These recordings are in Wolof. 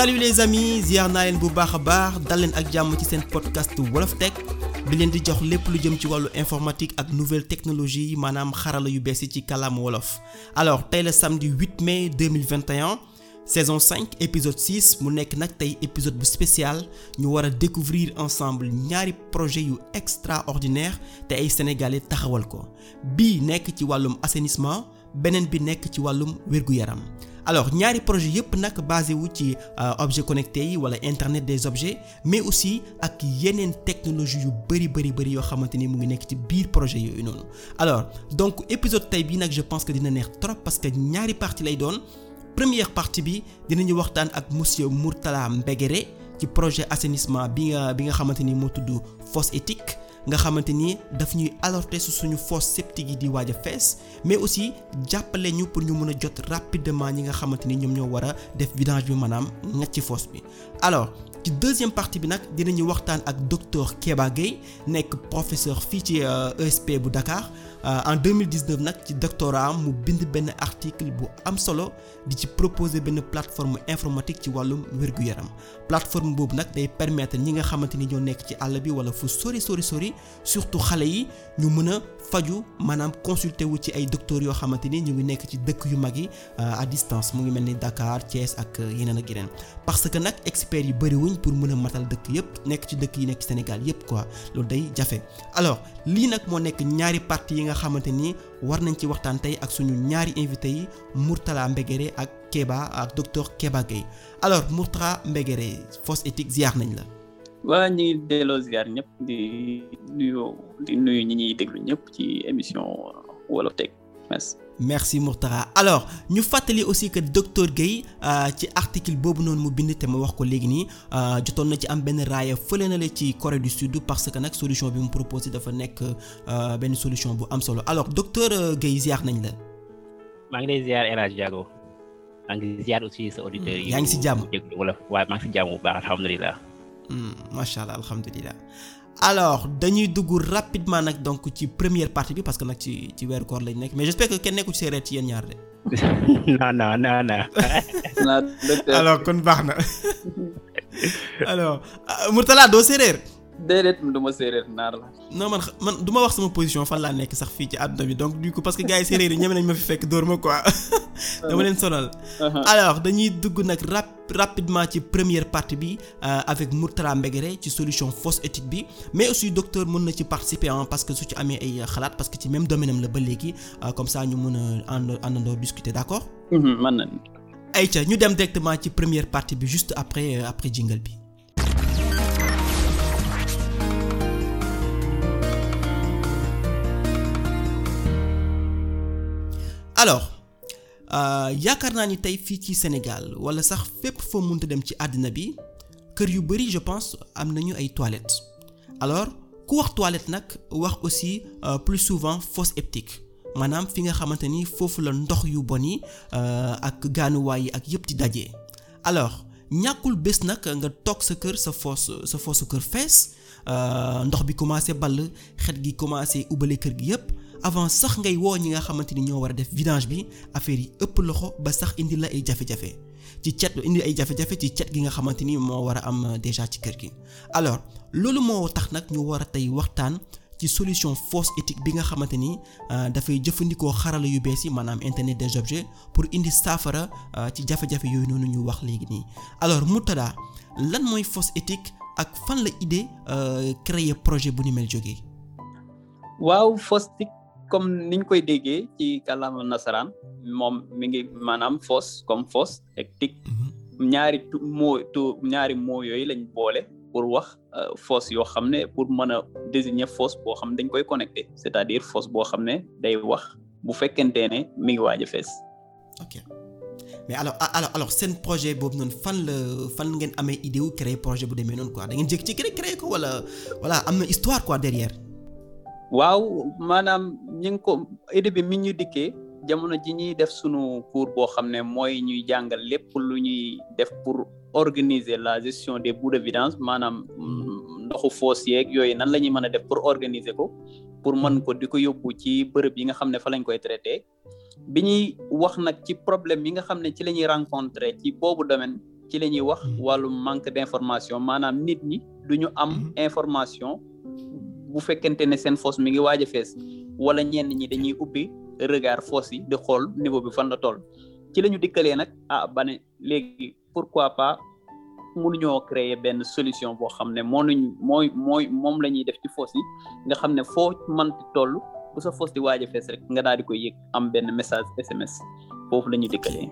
salut les amis ziar naa leen bu baax a baax dal leen ak jàmm ci seen podcast wolof tech bi leen di jox lépp lu jëm ci wàllu informatique ak nouvelle technologie maanaam xarala yu bees yi ci kàllaama wolof. alors tey la samedi 8 mai 2021 saison 5 épisode 6 mu nekk nag tey épisode bu spécial ñu war a découvrir ensemble ñaari projet yu extraordinaire te ay sénégalais taxawal ko bii nekk ci wàllum assainissement beneen bi nekk ci wàllum wérgu yaram alors ñaari projet yëpp nag basé wu ci euh, objet connecté yi wala internet des objets mais aussi ak yeneen technologie yu bëri bëri bëri yoo xamante ni mu ngi nekk ci biir projet yooyu noonu alors donc épisode tey bii nag je pense que dina neex trop parce que ñaari partie lay doon première partie bi dinañu waxtaan ak monsieur Mourtala Mbegere ci projet assainissement bi nga bi nga xamante ni moo tudd fosse éthique nga xamante ni daf ñuy alerter su suñu fosse septique yi di waaj a fees mais aussi jàppale ñu pour ñu mën a jot rapidement ñi nga xamante ni ñoom ñoo war a def vidange bi maanaam ngacc fosse bi alors ci deuxième partie bi nag dinañu waxtaan ak docteur Keba Gueye nekk professeur fii ci ESP euh, e bu Dakar Euh, en 2019 nag ci doctorat mu bind benn article bu am solo di ci proposé benn plateforme informatique ci wàllum wér yaram plateforme boobu nag day permettre ñi nga xamante ni ñoo nekk ci àll bi wala fu sori sori sori surtout xale yi ñu mën a faju maanaam consulter wu ci ay docteurs yoo xamante ni ñu ngi nekk ci dëkk yu mag yi euh, à distance mu ngi mel ni dakaar Thiès ak euh, yeneen ak yeneen parce que nag experts yi bëriwuñ pour mën a matal dëkk yëpp nekk ci dëkk yi nekk Sénégal yëpp quoi loolu day jafe nga xamante ni war nañ ci waxtaan tey ak suñu ñaari invité yi Mourtala Mbegere ak Keba ak docteur Keba Gueye alors Mourtala Mbegere fausse éthique ziar nañ la. waa ñu ngi delloo ziar ñëpp di nuyu di nuyu ñi ñuy déglu ñëpp ci émission Wolof Tech merci Mourtara alors ñu fàttali aussi que docteur Guèye euh, ci article boobu noonu mu bind te ma wax ko léegi nii euh, jotoon na ci am benn raaya fële na la ci Corée du Sud parce que nag solution bi mu proposé dafa nekk euh, benn solution bu am solo alors docteur Guèye ziar nañ la. maa ngi lay ziar El Hadj maa ngi ziar aussi sa auditeurs yaa ngi si jàmm wala waaye maa ngi si jàmm bu baax alhamdulilah. Hmm, macha allah alhamdulilah. alors dañuy dugg rapidement nag donc ci première partie bi parce que nag ci ci weeru koor lañ nekk mais j'espère que kenn nekku ci seereet ci yéen ñaar de. non non non non. kon baax na alors euh, Mourtala doo séeréer. déedéet du ma séeréer naar la. non man man du wax sama position fan laa nekk sax fii ci àdduna bi donc du coup parce que gars yi séeréer yi ñeme nañ ma fi fekk dóor ma quoi dama leen sonal. Uh-huh. alors dañuy dugg nag rap rapidement ci première partie bi euh, avec Mourtala Mbegere ci solution fausse éthique bi mais aussi docteur mën na ci participer parce que su ci amee ay xalaat parce que ci même domaine am la ba léegi euh, comme ça ñu mën a ànd àndandoo discuter d'accord. Mm-hmm, man na ayca ñu dem directement ci première partie bi juste après euh, après jingle bi. alors euh, yaakaar naa ni tey fii ci Sénégal wala sax fépp foo munta dem ci àddina bi kër yu bari je pense am nañu ay toilettes alors ku wax toilette nag wax aussi euh, plus souvent fosse septique maanaam fi nga xamante ni foofu la ndox yu bon yi euh, ak gaanuwaay yi ak yëpp di daje alors ñàkkul bés nag nga toog sa kër sa fosse sa fosse kër fees ndox bi commencé bal xet gi commencé ubbale kër gi yëpp avant sax ngay woo ñi nga xamante ni ñoo war a def vidange bi affaire yi ëpp loxo ba sax indi la ay jafe-jafe ci cet indi ay jafe ci gi nga xamante ni moo war a am euh, déjà ci kër gi. alors loolu moo tax nag ñu war a tey waxtaan ci solution fausse éthique bi nga xamante ni euh, dafay jëfandikoo xarala yu bees yi maanaam internet des objets pour indi saafara euh, ci jafe-jafe yooyu noonu ñu wax léegi nii alors Murtada lan mooy fausse éthique ak fan la idée créer projet bu ni mel jógee. comme niñ koy déggee ci kàllaama nasaraan moom mi ngi maanaam fos comme fos ak tig mhm. ñaari tu moo tu ñaari moo yooyu lañ boole pour wax euh, fos yoo xam ne pour mën a désigner fos boo xam ne dañ koy connecté c'est-à-dire fos boo xam ne day wax bu fekkente ne mi ngi waaj a fees. ok mais alors alors alors seen projet boobu noonu fan la fan ngeen amee idée wu créer projet bu demee noonu quoi da ngeen jékki-jékki créer ko wala wala am na histoire quoi derrière. waaw maanaam ñu ngi ko idée bi mi ñu dikkee jamono ji ñuy def sunu cours boo xam ne mooy ñuy jàngal lépp lu ñuy def pour organiser la gestion des boues de vidange maanaam ndoxu foos yeeg yooyu nan la ñuy mën a def pour organiser ko pour mën ko di ko yóbbu ci bërëb yi nga xam ne fa lañ koy traité bi ñuy wax nag ci problème yi nga xam ne ci la ñuy rencontrer ci boobu domaine ci la ñuy wax hmm. wàllu manque d'information maanaam nit ñi duñu am hmm. information bu fekkente ne seen fosse mi ngi waaja a fees wala ñenn ñi dañuy ubbi regard fosse yi di xool niveau bi fan la tool ci la ñu dikkalee nag ah ba ne léegi pourquoi pas mënuñoo créer benn solution boo xam ne moo nuñ mooy mooy moom la ñuy def ci fosse yi nga xam ne foo mënti toll bu sa fosse di waaj fees rek nga daal di koy yëg am benn message SMS foofu la ñu dikkalee.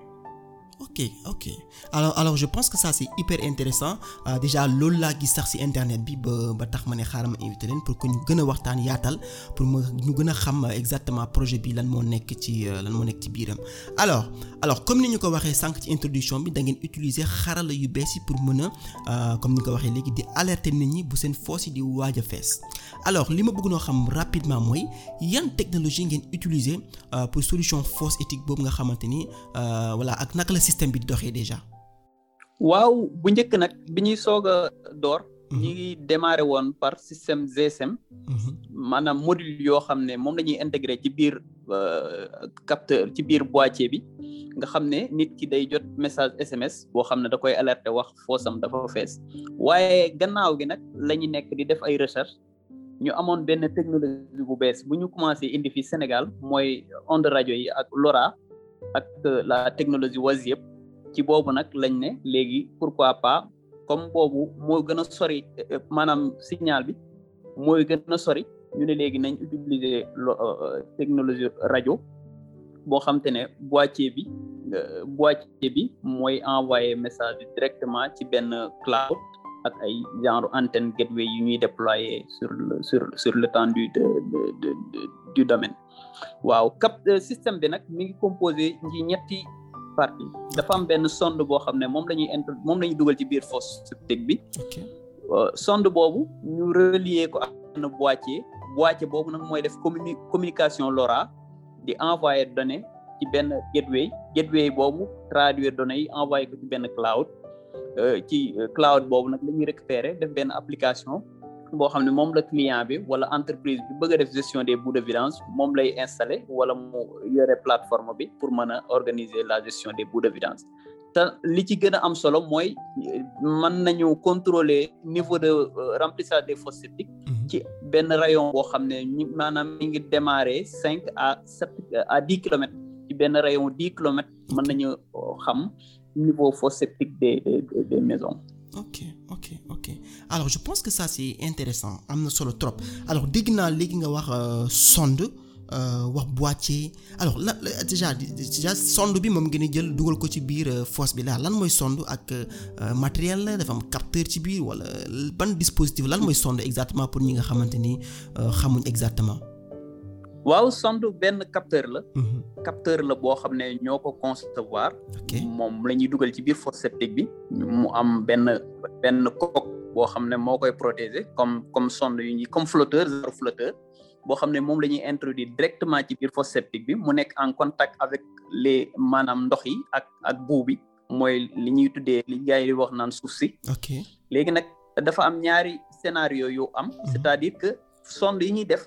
ok ok alors je pense que sa c'est hyper intéressant euh, déjà loolu laa gis sax ci internet bi ba ba tax ma ne xaaral ma invité leen pour que ñu gën a waxtaan yaatal pour ma ñu gën a xam exactement projet bi lan moo nekk ci euh, lan moo nekk ci biiram alors alors comme ni ñu ko waxee sànq ci introduction bi da ngeen utiliser xarala yu bees yi pour mën a euh, comme ni ñu ko waxee léegi di alerter nit ñi bu seen foos yi di waaj a fees alors li ma bëgg noo xam rapidement mooy yan technologie ngeen utiliser euh, pour solution fosse éthique boobu nga xamante ni voilà ak système bi di doxee déjà. waaw bu njëkk nag bi ñuy soog a door. Mhm. ñi ngi démarré woon par système GSM. E mhm. maanaam module yoo xam ne moom la ñuy intégré ci biir euh, capteur ci biir boîtier bi nga xam ne nit ki day jot message SMS boo xam ne da koy alerté wax foo sam dafa fees waaye gannaaw gi nag la ñu nekk di def ay recherche ñu amoon benn technologie bu bees bu ñu commencé indi fi Sénégal mooy onde rajo yi ak LoRa. ak euh, la technologie was yëpp ci boobu nag lañ ne léegi pourquoi pas comme boobu moo gën a sori euh, maanaam signal bi mooy gën a sori ñu ne léegi nañ utiliser euh, technologie rajo boo xam ne boîtier bi boîtier bi mooy envoyé message directement ci benn cloud ak ay genre antenne gateway yu ñuy déployer sur le sur sur l'étendue de du domaine waaw cap euh, système bi nag mi ngi composé nji ñetti partie dafa am benn sonde boo xam ne moom la ñuy intro moom la dugal ci biir fosse septique bi euh, sonde boobu ñu relier ko am benn boîtier boîtier boobu nag mooy def communi communication LoRa di envoyé donné ci benn gateway gateway boobu traduire donné yi envoyé ko ci benn cloud euh, ci cloud boobu nag la ñuy récupérer def benn application boo xam ne moom la client bi wala entreprise bi bëgg a def gestion des boues de vidange moom lay installé wala mu yore plateforme bi pour mën a organiser la gestion des boues de vidange te li ci gën a am solo mooy man nañu contrôler niveau de euh, remplissage des fosses mhm. ci benn rayon boo xam ne ñu maanaam mi ngi démarrer cinq à sept euh, à dix kilomètres ci benn rayon dix kilomètres mën nañu euh, xam niveau fosse septique des des des maisons. alors je pense que ça c'est intéressant am na solo trop alors dégg naa léegi nga wax euh, sonde euh, wax boîtier alors la déjà déjà sonde bi moom ngeen di jël dugal ko ci biir euh, fosse bi la lan mooy sond ak matériel la dafa am capteur ci biir wala ban dispositif lan mooy sonde exactement pour ñi nga xamante ni xamuñ exactement. waaw sonde benn capteur la. Mhm. capteur la boo xam ne ñoo ko concevoir. moom la ñuy dugal ci biir fosse septique bi. mu am benn benn coque. boo xam ne moo koy protéger comme comme sonde yu ñuy comme flotteur genre boo xam ne moom la ñuy introduire directement ci biir fosse septique bi mu nekk en contact avec les maanaam ndox yi ak ak buu bi mooy li ñuy tuddee li gars yi wax naan suuf si. léegi nag dafa am ñaari scénario yu am. Mhm. c'est-à-dire que sonde yi ñuy def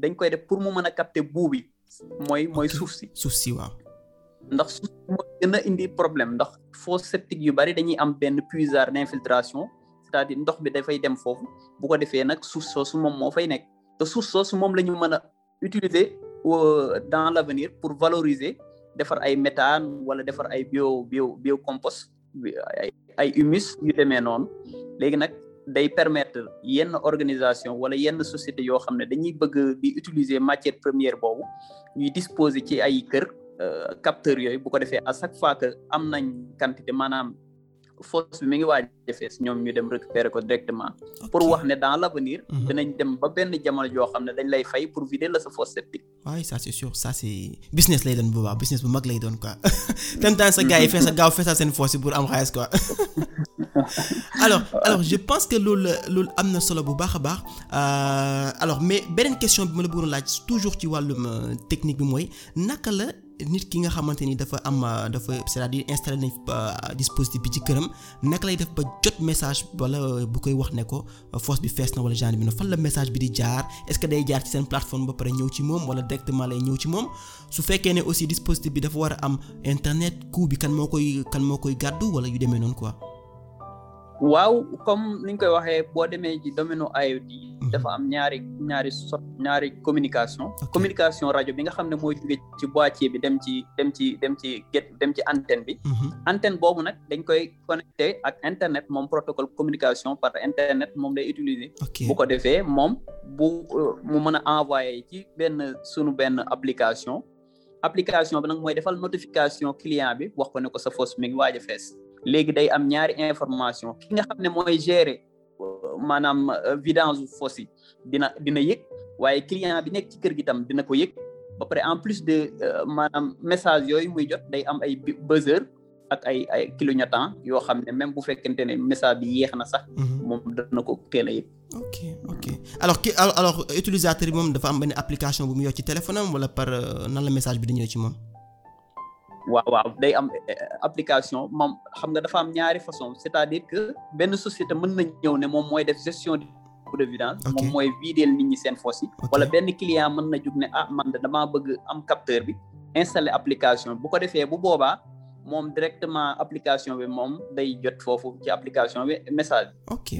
dañ koy def pour mu mën a capter buu bi mooy mooy suuf si. suuf si waaw. ndax suuf si mooy indi problème ndax fosse septique yu bari dañuy am benn puisard d'infiltration. cest ndox mi dafay dem foofu bu ko defee nag suuf soosu moom moo fay nekk te suuf soosu moom la ñu mën a utiliser euh, dans l'avenir pour valoriser defar ay méthane wala defar ay bio bio bio compost ay ay humus yu demee noonu léegi nag day permettre yenn organisation wala yenn société yoo xam ne dañuy bëgg di utiliser matière première boobu ñuy disposer ci ay kër euh, capteurs yooyu bu ko defee à chaque fois que am nañ quantité maanaam force bi mi ngi waaj fees ñoom ñu dem récupérer ko directement pour wax ne dans l' avenir mhm. dinañ dem ba benn jamono joo xam ne dañ lay fay pour vider la sa fosse septique waaye ça c'est sûr ça c'est business lay doon bu baax business bu mag lay doon quoi tentaan sa gars yi fees a gaaw feesal seen fosse yi pour am xaalis quoi alors alors je pense que loolu loolu am na solo bu baax a baax euh, alors mais beneen question bi ma la bëggoon laaj toujours ci wàllu euh, technique mooy naka la nit ki nga xamante ni dafa am euh, dafa c'est-à-dire installé nañ euh, dispositif bi ci këram naka lay def ba jot message wala euh, bu koy wax ne ko force bi fees na wala genre bi na fan la message bi di jaar est-ce que day jaar ci seen plateforme ba pare ñëw ci moom wala directement lay ñëw ci moom su fekkee ne aussi dispositif bi dafa war a am internet coût bi kan moo koy kan moo koy gàddu wala yu demee noonu quoi. waaw comme ni ñu koy waxee boo demee ci domaine IoT mhm. dafa am ñaari ñaari so ñaari communication communication rajo bi nga xam ne mooy jóge ci boîtier bi dem ci dem ci dem ci get dem ci antenne bi mhm. antenne boobu nag dañ koy connecté ak internet moom protocole communication par internet moom lay utiliser bu ko defee moom bu mu mën a envoyé ci benn sunu benn application application bi nag mooy defal notification client bi wax ko ne ko sa foos mi ngi waaj fees léegi day am ñaari information ki nga xam ne mooy gérer maanaam euh, vidange fosse yi dina dina yëg waaye client bi nekk ci kër gi tam dina ko yëg ba pare en plus de euh, maanaam message yooyu muy jot day am ay buzzer ak ay ay clignotant yoo xam ne même bu fekkente ne message bi yéex na sax. Mhm. moom na ko teel a yëg. ok ok alors ki alors utilisateur bi moom dafa am benn application bu mu yor ci téléphone am wala par euh, nan la message bi di ñëw ci moom. waaw waaw day am eh, eh, application moom xam nga dafa am ñaari façon cest a dire que benn société mën na ñëw ne moom mooy def gestion du providence moom mooy videel nit ñi seen yi wala benn client mën na jug ne ah man de damaa bëgg am capteur bi installer application bu ko defee bu boobaa moom directement application bi moom day jot foofu ci application bi message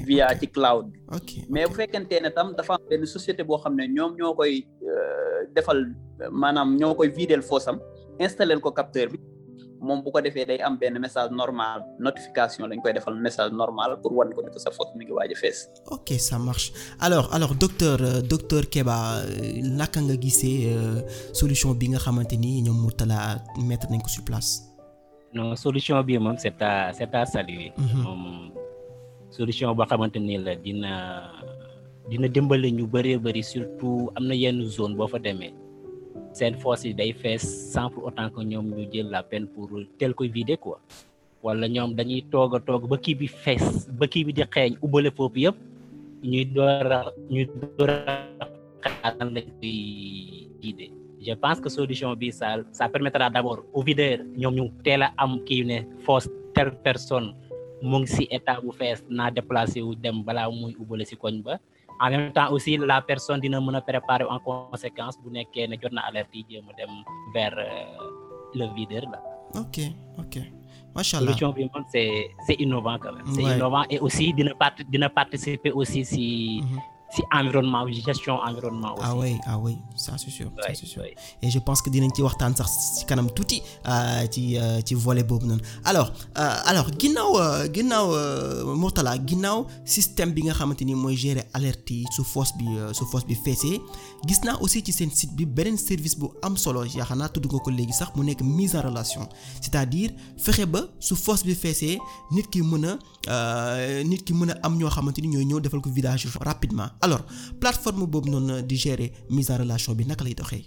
via ci cloud bi mais bu fekkentee ne tam dafa am benn société boo xam ne ñoom ñoo koy euh, defal maanaam ñoo koy videel foosam installé ko capteur bi moom bu ko defee day am benn message normal notification lañ koy defal message normal pour wan ko ni sa photo mi ngi waaj a fees. ok sa marche alors alors docteur euh, docteur Keba euh, naka nga gisee euh, solution bi nga xamante ni ñoom Mourtala mettre nañ ko sur place. non solution bi moom c'est à c'est à saluer. Mhm. solution boo xamante ni la dina dina dimbali ñu bëree bëri surtout am na yenn zone boo fa demee. seen force yi day fees sans pour autant que ñoom ñu jël la peine pour tel koy vider ko wala ñoom dañuy toog a toog ba kii bi fees ba kii bi di xeeñ ubbale foofu yëpp ñuy door a ñuy door a xalaat lañ koy vider je pense que solution bi ça ça permettra d'abord au videur ñoom ñu teel a am kii ne force telle personne mu ngi si état bu fees naa déplacé wu dem balaa muy ubbale si koñ ba en même temps aussi la personne dina mën a préparer en conséquence bu nekkee ne jot na alerte yi jéem a dem vers euh, le leader là. ok ok macha allah solution bi moom c' est innovant quand même. innovant et aussi dina part dina participer aussi si. Mm-hmm. si environnement bi gestion environnement. aussi ah oui ah oui ça c'est sûr. ça c'est sûr et je pense que dinañ ci waxtaan sax ci kanam tuuti euh, ci euh, ci volet boobu noonu. alors euh, alors ginnaaw ginnaaw Mourtala ginnaaw système bi nga xamante ni mooy gérer alerte yi su fosse bi su fosse bi feesee gis naa aussi ci seen site bi beneen service bu am solo yaakaar naa tudd nga ko léegi sax mu nekk mise en relation c'est-à-dire fexe ba su fosse bi feesee nit ki mën a nit ki mën a am ñoo xamante ni ñooy ñëw defal ko vidage rapidement. alors plateforme boobu noonu di gérer mise en relation bi naka lay doxee.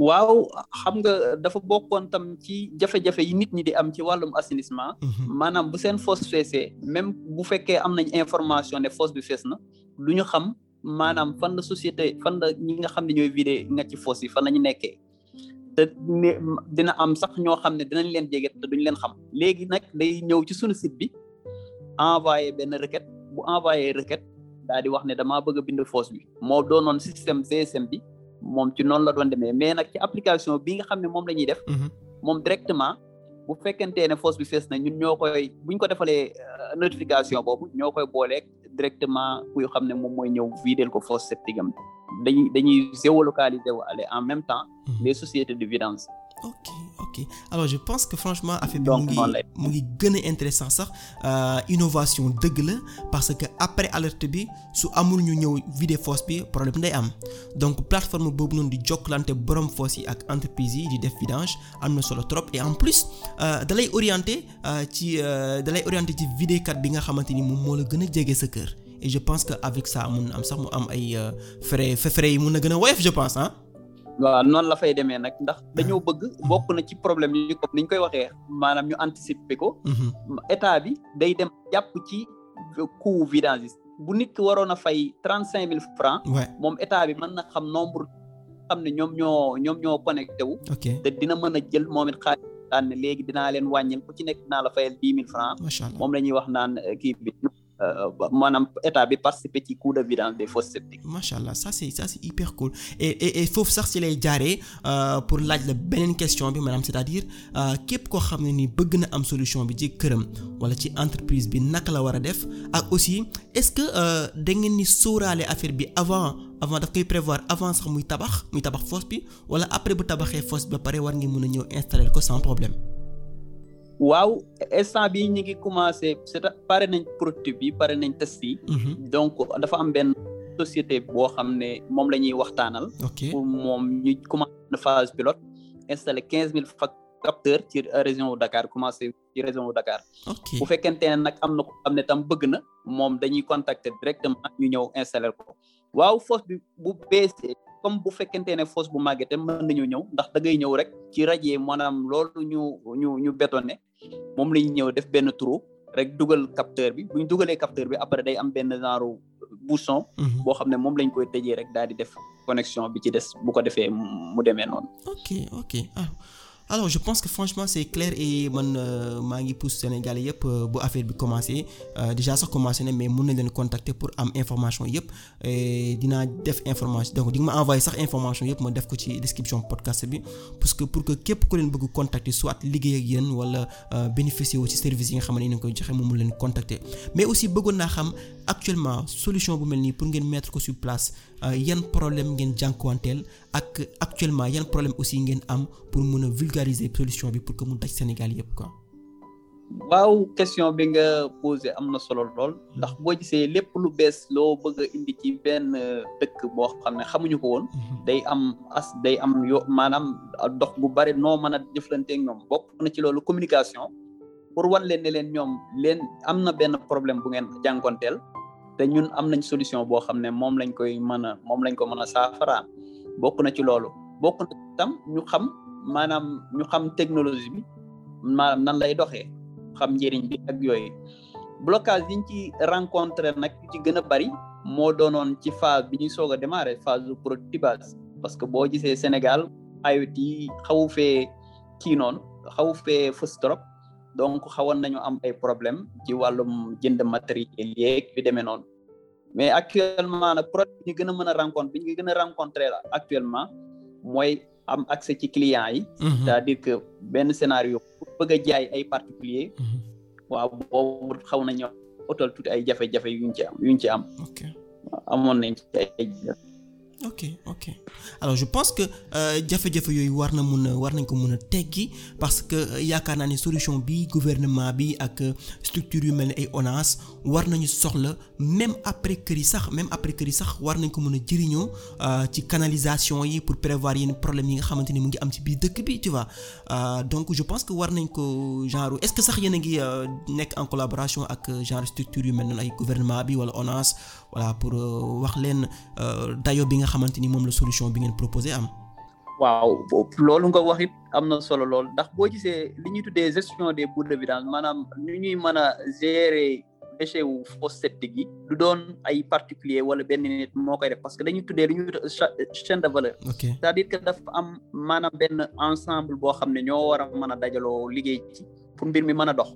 waaw xam nga dafa bokkoon tam ci jafe-jafe yi nit ñi di am ci wàllum assainissement. Mhm. maanaam bu seen fosse feesee même bu fekkee am nañ information ne fosse bi fees na du ñu xam maanaam fan la société fan la ñi nga xam ne ñooy vidé nga ci fosse yi fan la ñu nekkee. te dina am sax ñoo xam ne dinañ leen jege te duñ leen xam léegi nag day ñëw ci sunu sit bi envoyé benn requête bu envoyé requête daal di wax ne damaa bëgg a bind fausse bi moo doonoon système GSM bi moom ci noonu la doon demee mais nag ci application bi nga xam ne moom la ñuy def. Mhm. moom directement bu fekkente ne fausse bi fees na ñun ñoo koy bu ñu ko defalee euh, notification boobu ñoo koy booleeg directement kuy xam ne moom mooy ñëw videel ko fausse septique am dañuy dañuy géolocaliser wu en même temps mhm. les sociétés de vidange. ok alors je pense que franchement affaire bi mu ngi mu ngi gën a intéressant sax euh, innovation dëgg la parce que après alerte bi su amul ñu ñëw vider fosse bi problème day am donc plateforme boobu noonu di jokkalante borom fosse yi ak entreprise yi di def vidange am na solo trop et en plus euh, da lay orienté euh, ci da lay orienté ci vidéokat bi nga xamante ni moom moo la gën a jege sa kër et je pense que avec ça mun na am sax mu am ay frais frais yi mun na gën a woyof je waaw noonu la fay demee nag ndax dañoo bëgg bokk na ci problème yi comme ni ñu koy waxee maanaam ñu anticiper ko. Mhm. état bi day dem jàpp ci coût vidangiste bu nit ki waroon a fay trente cinq mille francs moom état bi mën na xam nombre xam ne ñoom ñoo ñoom ñoo connecté wu. te dina mën a jël moom it xaalis daan ne léegi dinaa leen wàññil ku ci nekk dinaa la fayal dix mille francs moom la ñuy wax naan eh, kii bi. Euh, euh, maanaam état bi participer ci coup de vidange des fosses septiques. macha allah ça c'est ça c'est hyper cool et foofu sax si lay jaaree euh, pour laaj la beneen question bi maanaam c'est-à-dire képp koo xam ne ni bëgg na am solution bi ci këram wala ci entreprise bi naka la war a def ak aussi est-ce que da ngeen ni sóoraale affaire bi avant avant daf koy prévoir avant sax muy tabax muy tabax fosse bi wala après bu tabaxee fosse bi ba pare war ngeen mën a ñëw installer ko sans problème. waaw instant bi ñu ngi commencé c'est pare nañ prototype bi pare nañ test yi. Mhm. donc dafa am benn société boo xam ne moom la ñuy waxtaanal. moom ñu commencé phase pilote installé quinze mille capteurs ci région wu Dakar commencé ci région wu Dakar. bu fekkente ne nag am na ko xam ne tam bëgg na moom dañuy contacter directement ñu ñëw installé ko waaw fosse bi bu beesee comme bu fekkente ne fosse bu màggee te mën nañu ñëw ndax da ñëw rek ci rajo maanaam loolu ñu ñu ñu moom lañ ñu ñëw def benn trou rek dugal capteur bi bu ñu dugalee capteur bi après day am benn genre bouchon. Mhm. boo xam ne moom lañ koy tëjee rek daal di def connexion bi ci des bu ko defee mu demee noonu. ok ok ah. alors je pense que franchement c'est clair et man euh, maa ngi pousse Sénégal yëpp euh, bu affaire bi commencé euh, déjà sax commencé na mais mun nañ leen contacter pour am information yëpp dinaa def information donc di nga ma envoyé sax information yëpp ma def ko ci description podcast bi parce que pour que képp ku leen bëgg contacter soit liggéey ak yéen wala bénéficier wu ci service yi nga xam ne ni ñu koy joxe moom mu leen contacter mais aussi bëggoon naa xam actuellement solution bu mel nii pour ngeen mettre ko sur place euh, yan problème ngeen jànkuwanteel ak actuellement yan problème aussi ngeen am pour mun a vulgariser solution bi pour que mu daj Sénégal yëpp quoi. waaw question bi nga posé am na solo lool ndax boo gisee lépp lu bees loo bëgg a indi ci benn euh, dëkk boo xam ne xamuñu ko woon. Mhm. day am as day am yo maanaam dox bu bari noo mën a jëflanteeg ñoom bokk na ci loolu communication. pour wan leen leen ñoom leen am na benn problème bu ngeen jànkonteel te ñun am nañ solution boo xam ne moom lañ koy mën a moom lañ ko mën a saafaraan bokk na ci loolu bokk na tam ñu xam maanaam ñu xam technologie bi maanaam nan lay doxee xam njëriñ bi ak yooyu blocage yiñ ci rencontré nag ci gën a bari moo doonoon ci phase bi ñuy soog a démarrer phase du prototypage parce que boo gisee Sénégal IoT xawu fee kii noonu xawu fee fës donc xawoon nañu am ay problème ci wàllum jënd matériel yeeg yu demee noonu mais actuellement nag problème bi ñu gën a mën a rencontre bi ñu gën a rencontré la actuellement mooy am accès ci client yi mhm. c'est-à-dire que benn pour bëgg a jaay ay particulier mhm. waaw xaw na ñoo ay jafe yuñ ci am yuñ ci am amoon nañ ci ay ok ok que euh, jafe-jafe yooyu war na mun a war nañ ko mun a teggi parce que euh, yaakaar naa ne solution bi gouvernement bi ak euh, structure yu mel ni ay ONAS war nañu soxla même après kër yi sax même après kër yi sax war nañ ko mën a jëriñoo euh, ci canalisation yi pour prévoir yenn problème yi nga xamante ni mu ngi am ci biir dëkk bi tu vois euh, donc je pense que war nañ ko genre est-ce que sax yéen a ngi euh, nekk en collaboration ak genre structure yu mel noonu ay gouvernement bi wala ONAS voilà pour wax leen dayo bi nga xamante ni moom la solution bi ngeen proposé am. waaw loolu nga wax it am na solo lool ndax boo gisee li ñuy tuddee gestion des bouts de vidange maanaam nu a déchet wu fosse septique yi du doon ay particulier wala benn nit moo koy def parce que dañuy tuddee lu ñuy chaîne de valeur c'est-à-dire que dafa am maanaam benn ensemble boo xam ne ñoo war a mën a dajaloo liggéey ci pour mbir mi mën a dox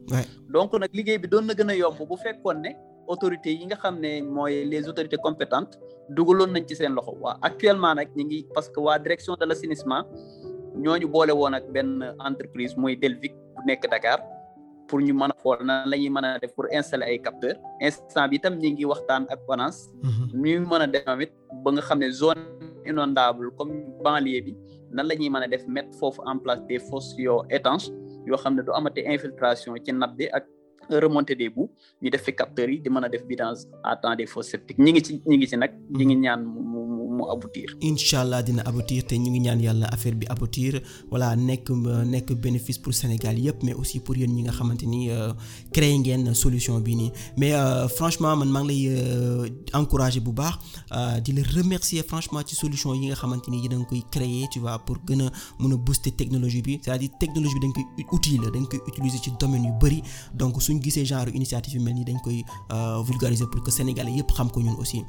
donc nag liggéey bi doon na gën a yomb bu fekkoon ne autorités yi nga xam ne mooy les autorités compétentes dugaloon nañ ci seen loxo waa actuellement nag ñi ngi parce que waa direction de l'assainissement ñooñu boole woon ak benn entreprise muy Delvic bu nekk Dakar pour ñu mën a xool nan la a def pour installer ay capteurs instant bi tam waxtaan ak ONAS mhm. ñu mën a def tamit ba nga xam ne zone inondable comme banlieue bi nan la ñuy mën a def mettre foofu en place des fosses yoo étanches yoo xam ne du amate infiltration ci nappe bi ak remontée des boues ñu def fi capteurs yi di mën a def vidange à temps des ñi ngi mhm. ñaan mu mu aboutir. incha allah dina aboutir te ñu ngi ñaan yàlla affaire bi aboutir voilà nekk nekk bénéfice pour Sénégal yëpp mais aussi pour yéen ñi nga xamante ni euh, créé ngeen solution bi nii mais euh, franchement man maa ngi lay euh, encourager bu baax di la remercier franchement ci solution yi nga xamante ni da nga koy créer tu vois pour gën a mën a bi c'est-à-dire technologie bi dañ dañ koy utiliser ci domaine yu bari donc suñ gisee genre initiative yu mel nii dañ koy vulgariser pour yëpp xam ko ñun aussi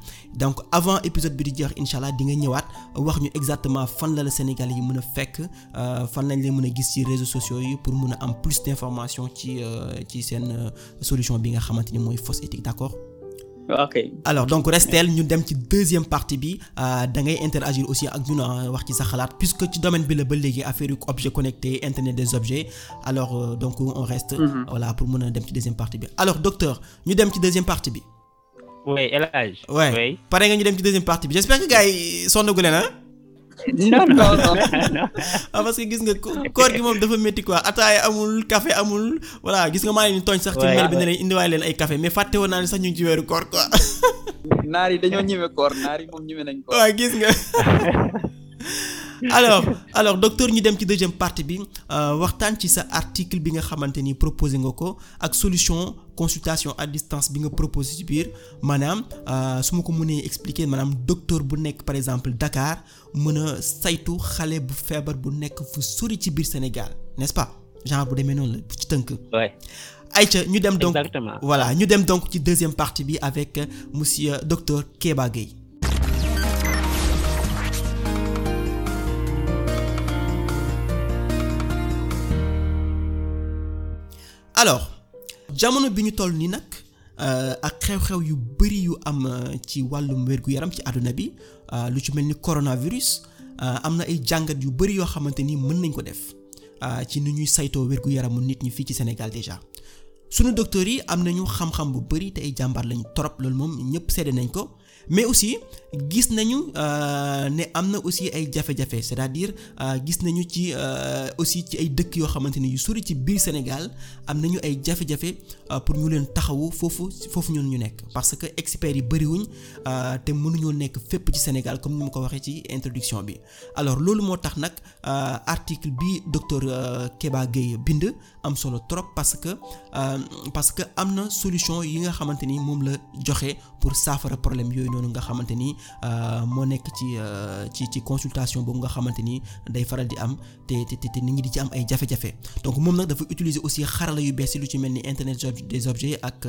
donc avant épisode bi di jeex incha allah allah di nga ñëwaat wax ñu exactement fan la la Sénégal yi mën a fekk euh, fan lañ leen mën a gis ci réseaux sociaux yi pour mën a am plus d'informations ci euh, ci seen euh, solution bi nga xamante ni mooy fausse éthique d'accord. ok donc restel ñu dem ci deuxième partie bi da ngay interagir aussi ak ñun wax ci sa xalaat puisque ci domaine bi la ba léegi affaire yu objet connecté internet de objets alors donc on reste. Mm-hmm. voilà pour mën a dem ci deuxième partie bi alors docteur ñu dem ci deuxième partie bi. oui El Hadj. oui pare nga ñu dem ci deuxième partie bi j'espère que gars yi leen ah. non parce que gis nga koor gi moom dafa métti quoi ataaya amul café amul voilà gis nga maa ngi tooñ sax. ci mel bi ne leen indiwaay leen ay café mais fàtte woon naa ne sax ñu ngi ci weeru koor quoi. naar yi dañoo ñëwee koor naar yi moom ñëwee nañ koor. waaw gis nga. alors alors docteur ñu dem ci deuxième partie bi euh, waxtaan ci sa article bi nga xamante ni proposé nga ko ak solution consultation à distance bi nga proposé ci biir maanaam euh, su ma ko mënee expliquer maanaam docteur bu nekk par exemple dakaar mën a saytu xale bu feebar bu nekk fu sori ci biir Sénégal n'est-ce pas genre bu demee noonu la ci tënk. ay Aïcha ñu dem donc exactement voilà ñu dem donc ci deuxième partie bi avec monsieur docteur Kéba Gueye. alors jamono bi ñu toll nii nag euh, ak xew-xew yu bari yu am euh, ci wàllum wér yaram ci àdduna bi euh, lu ci mel ni coronavirus am na ay jàngat yu bari yoo xamante ni mën nañ ko def ci ni ñuy saytoo wér-gu-yaramu nit ñi fii ci Sénégal déjà sunu docteur yi am nañu xam-xam bu bari te ay jàmbaar lañ trop loolu moom ñépp seede nañ ko mais aussi gis nañu euh, ne am na aussi ay jafe-jafe c'est-à-dire euh, gis nañu ci euh, aussi ci ay dëkk yoo xamante ni yu suri ci biir Sénégal am nañu ay jafe-jafe pour ñu leen taxawu foofu foofu ñun ñu nekk parce que experts yi bëriwuñ te mënuñoo nekk fépp ci Sénégal comme ni mu ko waxee ci introduction bi alors loolu moo tax nag. Euh, article bi docteur euh, Keba Gueye bind am solo trop parce que euh, parce que am na solution yi nga xamante ni moom la joxe pour saafara problème yooyu noonu nga xamante ni moo nekk ci ci ci consultation boobu nga xamante ni day faral di am te te te ni ngi di ci am ay jafe-jafe donc moom nag dafa utiliser aussi xarala yu bees yi lu ci mel ni internet des objets ak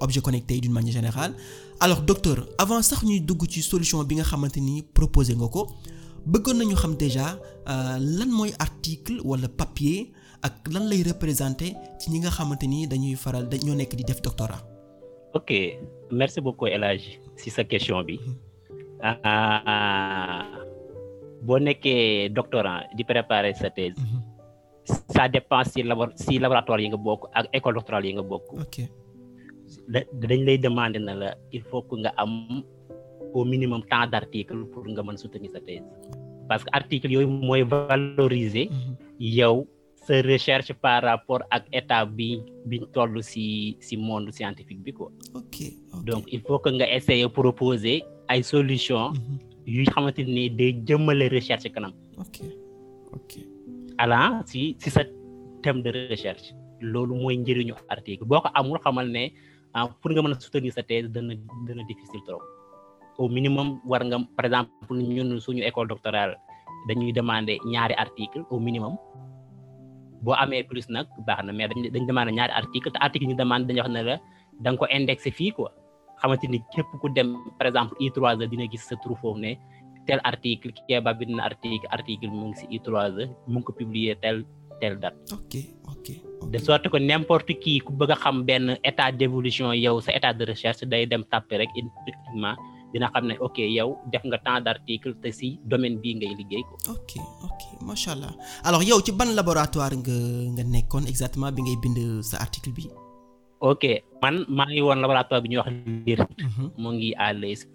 objet connecté yi du manière général alors docteur avant sax ñuy dugg ci solution bi nga xamante ni proposé nga ko. bëggoon nañu xam déjà euh, lan mooy article walla papier ak lan lay représenter ci ñi nga xamante ni dañuy faral dañoo nekk di def doctorat. ok merci beaucoup El Hadj si sa question bi mhm. ah, ah, ah, boo nekkee doctorant di préparer sa thèse. Mhm. ça dépend si labo si laboratoire yi nga bokk ak école doctorale yi nga bokk. ok dañ lay demander na la il faut que nga am. au minimum tant d'articles pour nga mën soutenir sa thèse parce que article yooyu mooy valoriser mhm. yow sa recherche par rapport ak état bi biñ toll si si monde scientifique bi ko donc il faut que nga essayer proposer ay solution mhm. yu xamante ni day jëmmale recherche kanam ok ok si si sa thème de recherche loolu mooy njëriñu article boo ko amul xamal ne ah, pour nga mën a soutenir sa thèse dana dana difficile trop au minimum war nga par exemple ñun suñu école doctorale dañuy demander ñaari article au minimum boo amee plus nag baax na mais dañ dañ demander ñaari article te article ñu demande dañu wax la da ko indexé fii quoi xamante ni képp ku dem par exemple I3E dina gis sa tur foofu ne tel article Keba bind na article article mu ngi si I3E ngi ko publier tel tel date. ok ok de sorte que n'importe qui ku bëgg xam benn état d'évolution yow sa état de recherche day dem tàppe rek dina xam ne ok yow def nga tant d'article te si domaine bii ngay liggéey ko. ok ok macha allah alors yow ci ban laboratoire nga nekkoon exactement bi ngay bind sa article bi. ok man maa ngi woon laboratoire bi ñuy wax LIR. Mhm. mu ngi à l'ESP.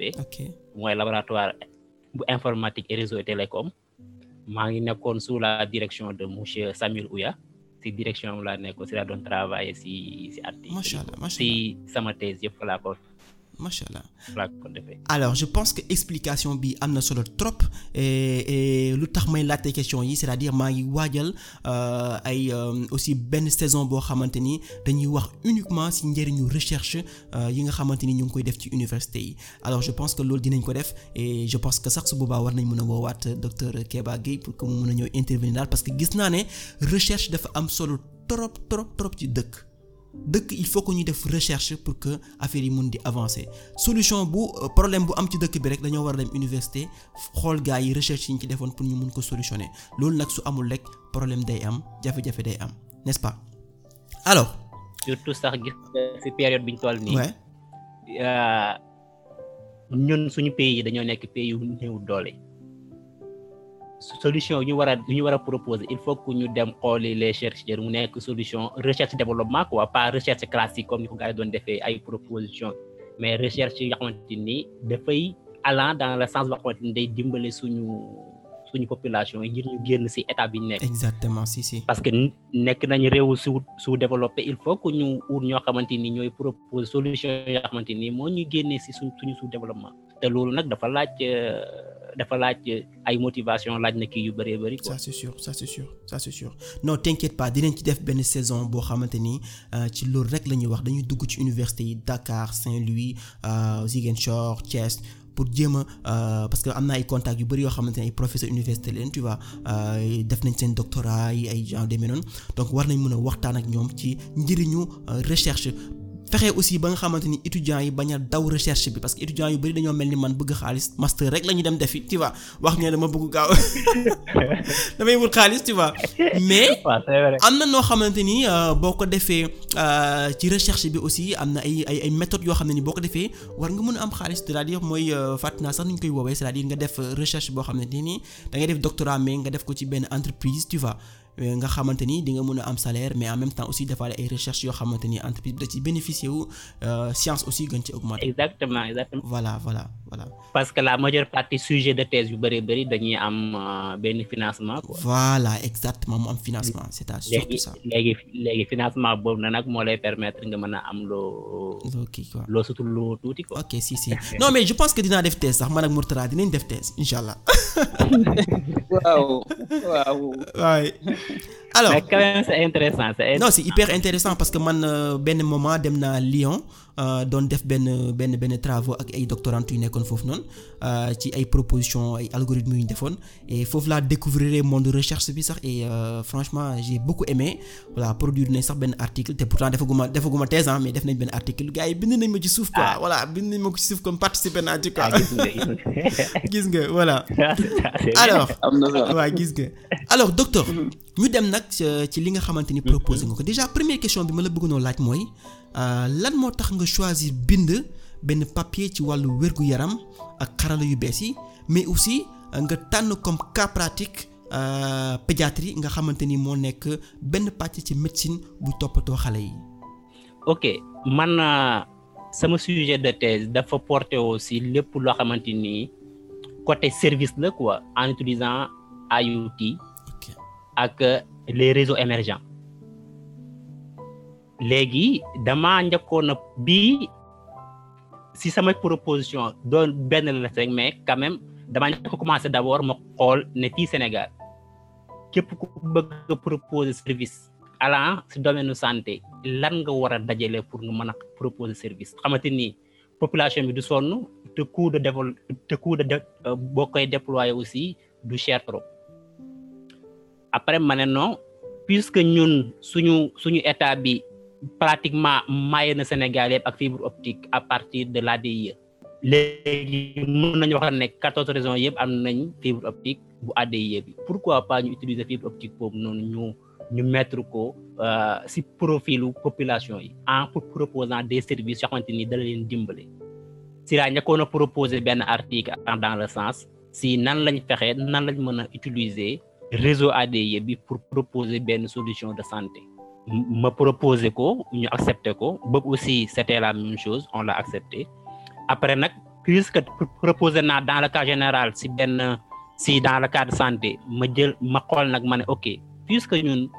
mooy laboratoire bu informatique et réseau et télécom. maa ngi nekkoon su la direction de monsieur Samuel Ouya si direction laa nekkoon si laa doon travailler si si article. si sama yëpp laa ko. macha allah. alors je pense que explication bi am na solo trop et lu tax may laajte question yi c'est-à-dire maa ngi waajal euh, ay euh, aussi benn saison boo xamante ni dañuy wax uniquement ci njëriñu recherche euh, yi nga xamante ni ñu ngi koy def ci université yi alors je pense que loolu dinañ ko def et je pense que sax su boobaa war nañ mën a woowaat docteur Keba Guèye pour que mu mën ñëw intervenir daal parce que gis naa ne recherche dafa am solo tro trop trop ci dëkk. dëkk il faut que ñu def recherche pour que affaire yi mun di avancer solution bu euh, problème bu am ci dëkk bi rek dañoo war a dem université xool gars yi recherche yi ñu ci defoon pour ñu mun ko solutionner loolu nag su amul rek problème day am jafe-jafe day am n'est-ce pas alors. surtout sax gis ci période bi ñu toll nii. Euh, ñun suñu pays yi dañoo nekk pays yu néew doole. solution yu ñu war a yu ñu war a proposer il faut que ñu dem xooli les chercheurs mu nekk solution recherche développement quoi pas recherche classique comme ni ko gars doon defee proposition mais recherche yoo xamante dafay allant dans le sens boo xamante ni day dimbale suñu suñu population yi ngir ñu génn si état bi ñu nekk. exactement si si. parce que nekk nañu réew sous sous développé il faut que ñu ut ñoo xamante ni ñooy proposer solution yoo xamante ni moo ñu génnee si suñ suñu su développement te loolu dafa laaj ay motivation laaj na kii yu bëree bëri quoi. ça c'est sûr ça c'est sûr ça c'est sûr pas dinañ ci def benn saison boo xamante ni euh, ci loolu rek la ñuy wax dañuy dugg ci université yi Dakar Saint-Louis euh, Ziguinchor Thiès. pour jéem a euh, parce que am na ay contacts yu bari yoo xamante ne ay professeur université leen tu vois def nañ seen doctorat yi ay genre de noonu donc war nañ mën a waxtaan ak ñoom ci njëriñu recherche fexe aussi ba nga xamante ni étudiants yi bañ a daw recherche bi parce que étudiants yu bari dañoo mel ni man bëgg xaalis master rek la ñu dem defi tu vois wax nga dama bëgg gaaw damay wut xaalis tu vois mais am na noo xamante ni euh, boo ko defee euh, ci recherche bi aussi am na ay ay ay méthodes yoo xam ne ni boo ko defee war nga mën a am xaalis c'est-à-dire mooy euh, fàttali naa sax ni ñu koy woowee cest à nga def recherche boo xam ne nii da ngay def doctorat mais nga def ko ci benn entreprise tu vois Euh, nga xamante ni di nga a am salaire mais en même temps aussi defaale ay recherche yoo xamante entreprise da ci bénéficier wu euh, science aussi gën ci augmenter. exactement exactement. la majeure partie sujet de thèse yu bëri bëri dañuy am euh, benn financement mu am financement c'est à surtout ça. léegi léegi financement boobu na nag moo lay permettre nga mën a am loo. loo kii quoi loo sutul loo tuuti quoi. ok si si non mais je pense que dinaa def thèse sax man ak Mourtala dinañ def thèse incha allah. waaw waaw. alors mais quand même c'est intéressant non c'est hyper intéressant parce que man euh, benn moment dem na lion Euh, doon def benn benn benn travaux ak ay doctorantes yu nekkoon foofu noonu euh, ci ay propositions ay algorithmes yu ñu defoon foofu laa découvrir monde recherche bi sax et euh, franchement j'ai beaucoup aimé voilà produire nañ sax benn article te pourtant defaguma defaguma thèse ah mais def nañ benn article gars yi bind nañ ma ci suuf quoi ah. voilà bind nañ ma ko ci suuf comme participer naa ci quoi ah, gis nga voilà ah, alors waaw gis nga alors docteur mm-hmm. ñu dem nag ci li nga xamante ni mm-hmm. proposé nga ko déjà première question bi ma la bëgg noo laaj mooy Euh, lan moo tax nga choisir bind benn papier ci wàllu wérgu yaram ak xarala yu bees yi mais aussi euh, nga tànn comme cas pratique euh, pédiatrie nga xamante ni moo nekk benn pàcc ci médecine bu toppatoo xale yi. ok man sama sujet de thèse dafa porté si lépp loo xamante ni côté service la quoi en utilisant IoT. ak les réseaux émergents. léegi damaa njëkkoon a bii si sama proposition doon benn la rek mais quand même damaa njëkk a commencé d' abord ma xool ne fii Sénégal képp ku bëgg a proposer service allant si domaine santé lan nga war a dajale pour nga mën a proposer service xamante ni population bi du sonn te coût de développe te coût de euh, boo koy déployer aussi du cher trop après ma ne non puisque ñun suñu suñu état bi pratiquement maye na Sénégal yëpp ak fibre optique à partir de l'ADIE léegi mën nañu wax ne quatorze régions yëpp am nañ fibre optique bu ADIE bi pourquoi pas ñu utiliser fibre optique boobu noonu ñu ñu mettre ko euh, si profilu population yi en proposant des services yoo ni dana leen dimbale si laa ñakkoon a proposer benn article dans le sens si nan lañ fexe nan lañ mën a utiliser réseau ADIE bi pour proposer benn solution de santé ma proposé ko ñu accepté ko boobu aussi c'était la même chose on l'a accepté après nag puisque proposé naa dans le cas général si benn si dans le cas de santé ma jël ma xool nag ma ne ok puisque ñun